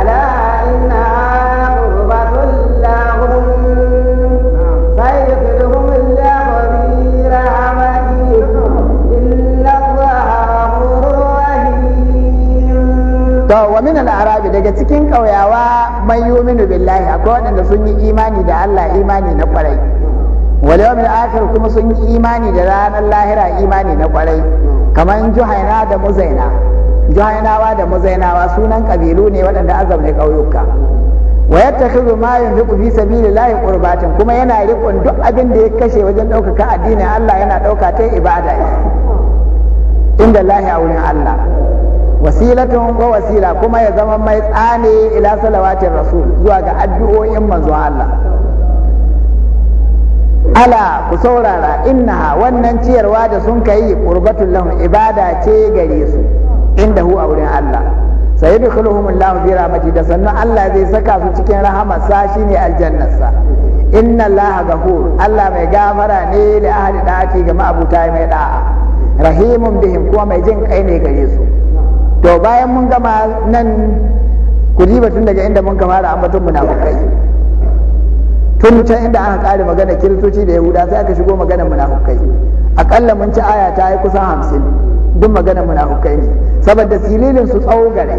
ألا إنها قربة لهم سيدخلهم الله في رحمته إن الله غفور رحيم طيب، ومن الأعراب daga cikin ƙauyawa man yuminu billahi akwai waɗanda sun yi imani da Allah imani na ƙwarai wale wani akar kuma sun yi imani da ranar lahira imani na ƙwarai kamar juhaina da muzaina juhainawa da muzainawa sunan kabilu ne waɗanda azab ne ƙauyuka wa yattakhidhu ma yunfiqu fi sabilillahi ƙurbatin kuma yana riƙon duk abin da ya kashe wajen ɗaukaka addinin Allah yana ɗauka ta ibada inda lahi a wurin Allah wasilatun wa wasila kuma ya zama mai tsane ila salawatin rasul zuwa ga addu'o'in manzon Allah ala ku saurara innaha wannan ciyarwa da sun kai qurbatul lahum ibada ce gare su inda hu a wurin Allah sai da Allah bi rahmati da sannan Allah zai saka su cikin rahamarsa shine aljannarsa inna Allah ghafur Allah mai gafara ne li ahli ake ga ma'abuta mai da'a rahimun bihim kuma mai jin kai ne gare su to bayan mun gama nan ku ji batun daga inda mun da ambaton munafukai tun can inda aka kare magana kiristoci da yahuda sai aka shigo magana munafukai akalla mun ci aya ta yi kusan hamsin duk magana munafukai ne saboda sililin su tsawo gare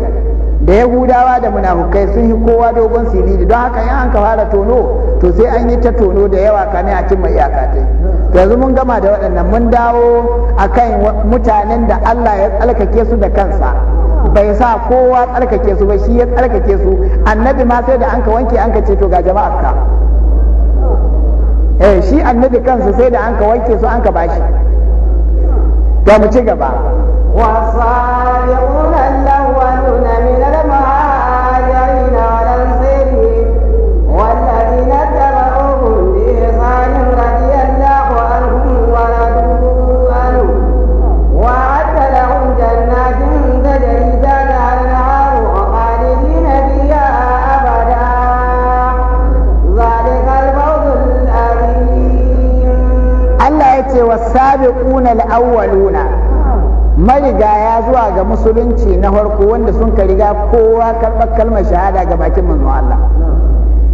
da yahudawa da munafukai sun yi kowa dogon siriri. don haka in an ka fara tono to sai an yi ta tono da yawa ka ne a cimma iyaka ta yanzu mun gama da waɗannan mun dawo akan mutanen da Allah ya tsalkake su da kansa bai sa kowa tsarkake su ba shi ya tsarkake su annabi ma sai da anka wanke anka ce to ga jama'ar ka eh shi annabi kansa sai da anka wanke su anka bashi to mu ci gaba wa sari'un wasabiquna al-awwaluna marigaya zuwa ga musulunci na farko wanda sun ka riga kowa karɓar kalmar shahada ga bakin manzo Allah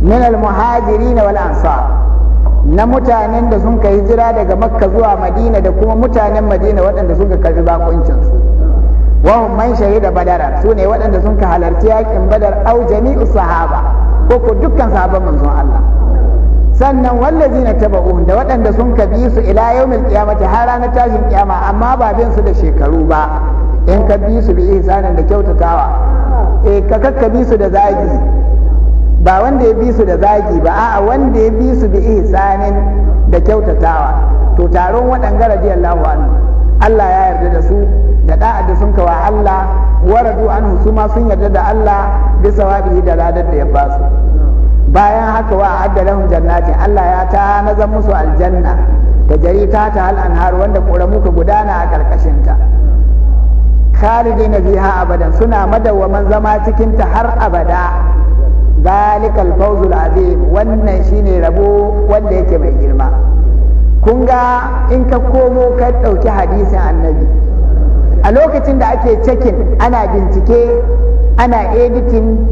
min al-muhajirin wal ansar na mutanen da sun ka hijira daga makka zuwa madina da kuma mutanen madina waɗanda sun ka karɓi bakuncin su wa man shahida badara su ne waɗanda sun ka halarci yakin badar au jami'u sahaba ko ko dukkan sahaban manzo Allah sannan wallazi na taba'u da waɗanda sun ka bi su ila yaumil qiyamati har ranar tashin kiyama amma ba bin su da shekaru ba in ka bi su bi ihsanin da kyautatawa eh ka kakka bi su da zagi ba wanda ya bi su da zagi ba a'a wanda ya bi su bi ihsanin da kyautatawa to taron waɗanga radiyallahu anhu Allah ya yarda da su da da'a da sun kawa Allah waradu anhu su ma sun yarda da Allah bisa wabihi da ladar da ya ba su bayan haka wa adda lahum jannatin Allah ya ta nazar musu aljanna ta jari ta ta hal anhar wanda ƙoramu ka gudana a ƙarƙashin ta khalidina fiha abadan suna madawwaman zama cikin ta har abada zalikal fawzul azim wannan shine rabo wanda yake mai girma kun ga in ka komo ka ɗauki hadisin annabi a lokacin da ake cekin ana bincike ana editing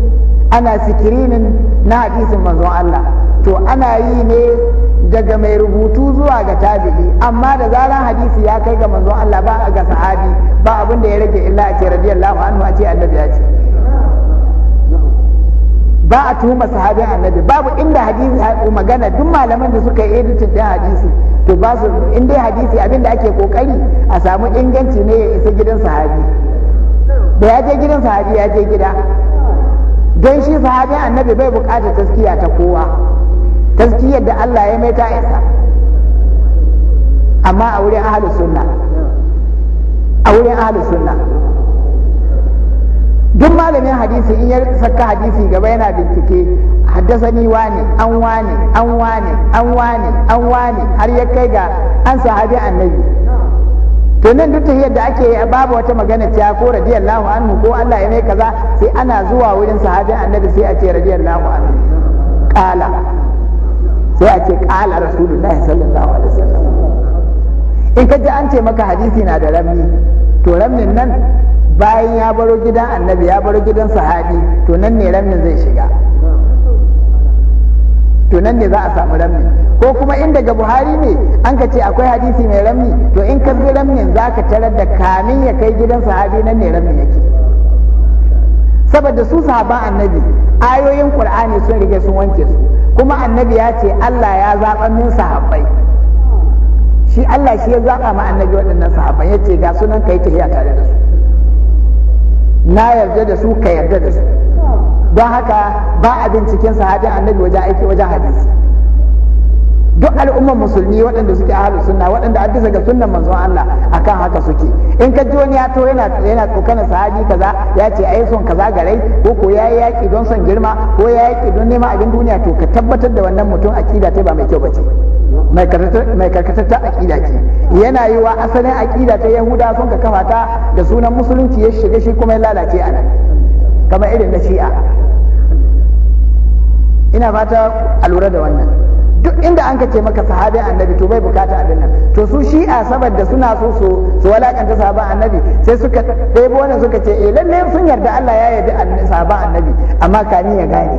ana sikirinin na hadisin manzon Allah to ana yi ne daga mai rubutu zuwa ga tabi'i amma da zaran hadisi ya kai ga manzon Allah ba a ga sahabi ba abin da ya rage illa a ce radiyallahu anhu a ce annabi ya ce ba a tuhuma sahabin annabi babu inda hadisi magana duk malaman da suka yi editin din hadisi to ba su in hadisi abin da ake kokari a samu inganci ne ya isa gidan sahabi da ya je gidan sahabi ya je gida don shi sahabi annabi bai bukata taskiya ta kowa taskiyar da Allah ya mai ta amma a wurin ahalus sunna a wurin ahalus sunna duk malamin hadisi in ya saka hadisi gaba yana bincike haddasani wane an wane an wane an wane an wane har ya kai ga an sahabi annabi to nan duk tahiyar da ake babu wata magana ta ko radiyallahu anhu ko Allah ya mai kaza sai ana zuwa wurin sahabin annabi sai a ce radiyallahu anhu qala sai a ce qala rasulullahi sallallahu alaihi wasallam in ka ji an ce maka hadisi na da ramni to ramin nan bayan ya baro gidan annabi ya baro gidan sahabi to nan ne ramin zai shiga to nan ne za a samu ramni ko kuma in daga buhari ne an ka ce akwai hadisi mai ramni to in ka bi ramnin za ka tarar da kamin ya kai gidan sahabi nan ne ramni yake saboda su sahaban annabi ayoyin qur'ani sun rige sun wanke su kuma annabi ya ce Allah ya zaɓa min sahabbai shi Allah shi ya zaɓa ma annabi waɗannan sahabban ya ce ga sunan kai tafiya tare da su na yarda da su ka yarda da su don haka ba a binciken sahabin annabi wajen aiki wajen hadisi duk al'ummar musulmi waɗanda suke halin sunna waɗanda an bisa ga sunnan manzon Allah akan haka suke in ka wani ya to yana yana tsokanar sahabi kaza ya ce ai son kaza garai ko ko yayi yaki don son girma ko yayi yaki don neman abin duniya to ka tabbatar da wannan mutum akida ta ba mai kyau bace mai karkatatta akida ce yana yi wa asalin akida ta yahuda sun ka kafa ta da sunan musulunci ya shiga shi kuma ya lalace a kama irin na shi'a ina fata a lura da wannan duk inda an ka ce maka sahabin annabi to bai bukata abin nan to su shi'a saboda suna so su su walakanta sahabin annabi sai suka ɗebo wannan suka ce eh lalle sun yarda Allah ya yarda sahabin annabi amma kani ya gane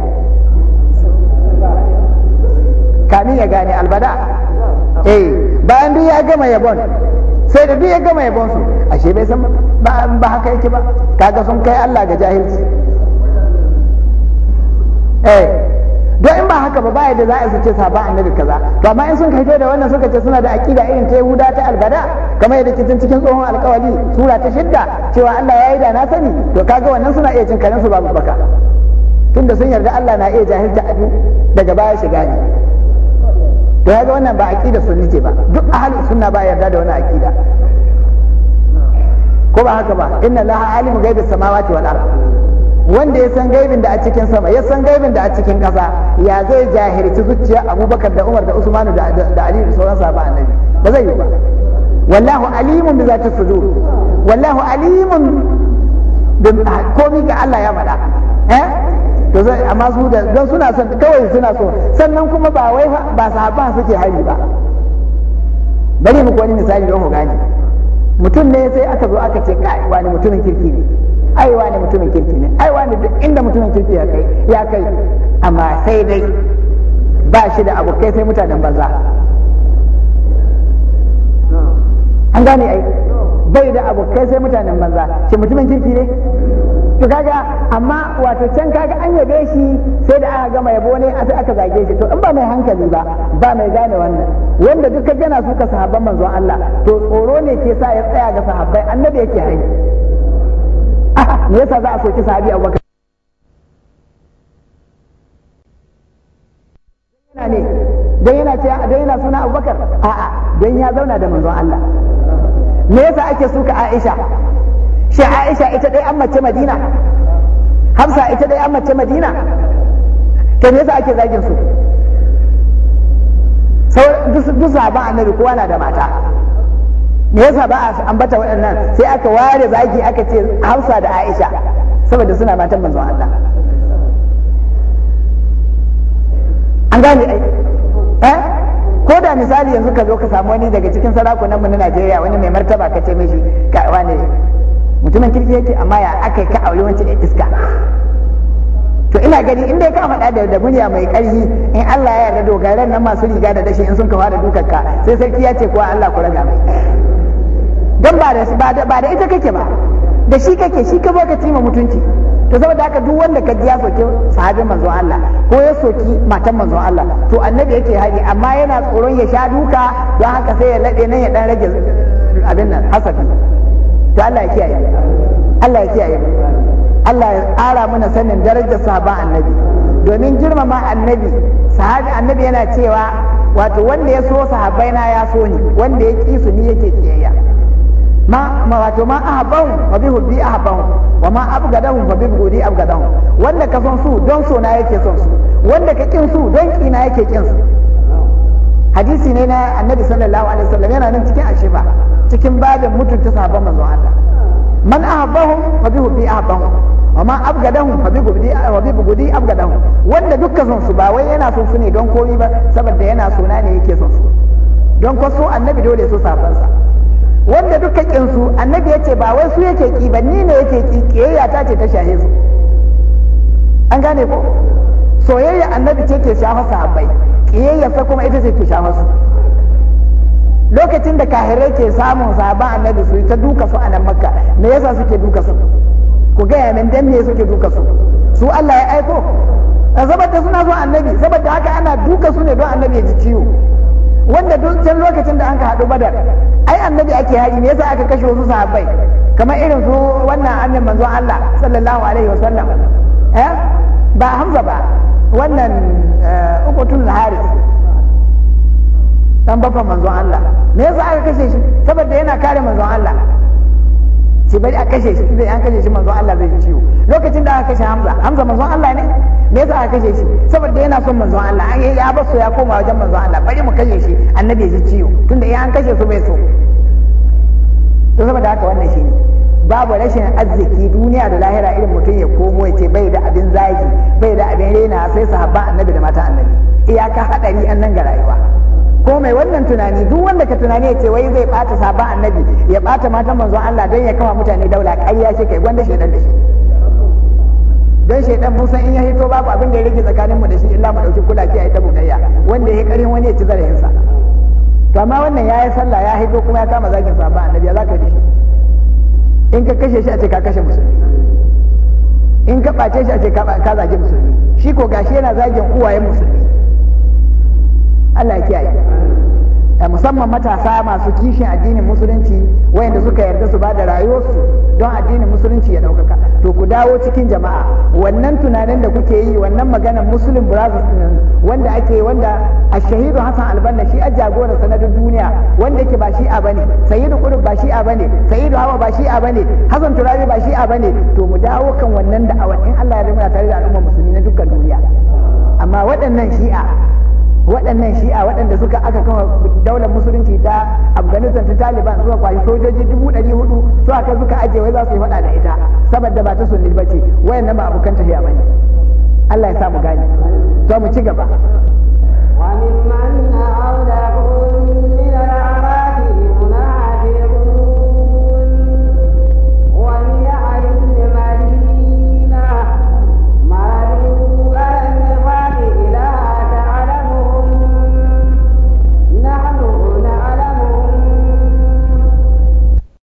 kani ya gane albada eh bayan duk ya gama yabon sai da duk ya gama yabon su ashe bai san ba haka yake ba kaga sun kai Allah ga jahilci eh don in ba haka ba baya da za a su ce sabon annabi kaza to amma in sun kaito da wannan suka ce suna da aqida irin ta Yahuda ta albada kamar yadda ke cikin tsohon alkawali sura ta shidda cewa Allah ya yi da na sani to ga wannan suna iya cin karen su babu baka tunda sun yarda Allah na iya jahilta abu daga baya shiga ne to ga wannan ba aqida sunni ce ba duk ahli sunna ba yarda da wani aqida ko ba haka ba inna laha alimu gaibis samawati wal ardh wanda ya san gaibin da a cikin sama ya san gaibin da a cikin ƙasa ya zai jahirci zuciya abubakar da umar da usmanu da ali da sauran sahaba annabi ba zai yi ba wallahu alimun bi zati sudur wallahu alimun bi ah, komi ga Allah ya faɗa eh to zai amma su da don suna son kawai suna so sannan kuma ba wai ba sahaba suke hari ba bari mu wani misali don mu gani mutum ne sai aka zo aka ce kai wani mutumin kirki ne aiwa ne mutumin kirki ne aiwa ne duk inda mutumin kirki ya kai ya kai amma sai dai ba shi da abokai sai mutanen banza an gane ai bai da abokai sai mutanen banza shi mutumin kirki ne to kaga amma wato can kaga an yabe shi sai da aka gama yabo ne a aka zage shi to in ba mai hankali ba ba mai gane wannan wanda duk ka gana su ka sahabban manzon Allah to tsoro ne ke sa ya tsaya ga sahabbai annabi yake hayi me yasa za a soki sahabi abubakar yana ne dan yana ce dan yana suna abubakar a'a dan ya zauna da manzon Allah me yasa ake suka Aisha shi Aisha ita dai an mace Madina Hafsa ita dai an mace Madina to me yasa ake zagin su duk sahaban annabi kowa na da mata me yasa ba a ambata waɗannan sai aka ware zaki aka ce Hafsa da Aisha saboda suna matan manzon Allah an gane ai eh ko da misali yanzu ka zo ka samu wani daga cikin sarakunan mu na Najeriya wani mai martaba ka ce mishi ka wane mutumin kirki yake amma ya aka ka aure wancan iska to ina gani in dai ka faɗa da da murya mai ƙarfi in Allah ya yarda dogaran nan masu riga da dashi in sun fara da ka sai sarki ya ce kuwa Allah ku raga mai don ba da ba da ita kake ba da shi kake shi ka baka cima mutunci to saboda haka duk wanda ka ji ya soki sahabin manzo Allah ko ya soki matan manzo Allah to annabi yake hari amma yana tsoron ya sha duka don haka sai ya nade nan ya dan rage abin nan hasafi to Allah ya kiyaye Allah ya kiyaye Allah ya ƙara mana sanin darajar sahaban annabi domin girmama annabi sahabi annabi yana cewa wato wanda ya so sahabbaina ya so ni wanda ya ƙi su ni yake kiyaye ma wato ma ahabahu fa bi hubbi ahabahu wa ma abgadahu ma bi budi abgadahu wanda ka son su don so na yake son su wanda ka kin su don kina yake kin su hadisi ne na annabi sallallahu alaihi wasallam yana nan cikin ashiba cikin babin mutunta sahabban manzon Allah man ahabahu fa bi hubbi wa ma abgadahum fa bi gudi wa bi gudi abgadahum wanda dukkan son su ba wai yana son su ne don kori ba saboda yana sona ne yake son su don ko so annabi dole so sahabban sa wanda duka kinsu annabi annabi yace ba wai su yake ki ba ni ne yake ki kiyayya ta ce ta shahe su an gane ko soyayya annabi ce ke shafa sahabbai kiyayya sa kuma ita ce ke shafa su lokacin da kahire ke samun sahabban annabi su ta duka su a nan makka me yasa suke duka su ku gaya min dan me suke duka su su Allah ya aiko saboda suna zuwa annabi saboda haka ana duka su ne don annabi ya ji ciwo wanda duk can lokacin da an ka haɗu badar ai annabi ake haɗi, me yasa aka kashe wasu sahabbai kamar irin su wannan annan manzo Allah sallallahu alaihi wasallam eh ba Hamza ba wannan eh, ukutul haris dan bafa manzo Allah me yasa aka kashe shi saboda yana kare manzo Allah sai bari a kashe shi idan an kashe shi manzon Allah zai ji ciwo lokacin da aka kashe Hamza Hamza manzon Allah ne me yasa aka kashe shi saboda yana son manzon Allah an ya basu ya koma wajen manzon Allah bari mu kashe shi annabi ya ji ciwo tunda idan an kashe su bai so to saboda haka wannan shi ne babu rashin arziki duniya da lahira irin mutum ya komo ya ce bai da abin zagi bai da abin rena sai sahabban annabi da mata annabi iyaka hadari nan ga rayuwa ko mai wannan tunani duk wanda ka tunani ya ce wai zai bata sabon annabi ya bata matan manzo Allah don ya kama mutane daula ƙarya ce kai gwanda shaidan da shi don shaidan mun san in ya hito babu abin da ya rage tsakanin mu da shi illa mu dauki kulaki a ita bugayya wanda ya karin wani ya ci zarafinsa to amma wannan yayi sallah ya hito kuma ya kama zakin sabon annabi ya zaka da shi in ka kashe shi a ce ka kashe musulmi in ka ɓace shi a ce ka zagi musulmi shi ko gashi yana zagin uwayen musulmi Allah ya kiyaye eh, musamman matasa masu kishin addinin musulunci wayanda suka yarda su bada rayuwarsu don addinin musulunci ya daukaka to ku dawo cikin jama'a wannan tunanin da kuke yi wannan maganar muslim brothers din wanda ake wanda a shahidu hasan albanna shi a jagoran sanadin duniya wanda yake ba shi a bane sayyidu qurb ba shi a bane sayyidu hawa ba shi a bane hasan turabi ba shi a bane to mu dawo kan wannan da'awar in Allah ya rima tare da al'ummar musulmi na dukkan duniya amma waɗannan shi'a waɗannan shi'a waɗanda suka aka kama daular musulunci ta afghanistan ta taliban suka kwashi sojoji dubu ɗari hudu su aka suka ajiye wai za su yi faɗa da ita saboda ba ta sunni ba ce nan ba abokan tafiya ba ne allah ya sa mu gane to mu ci gaba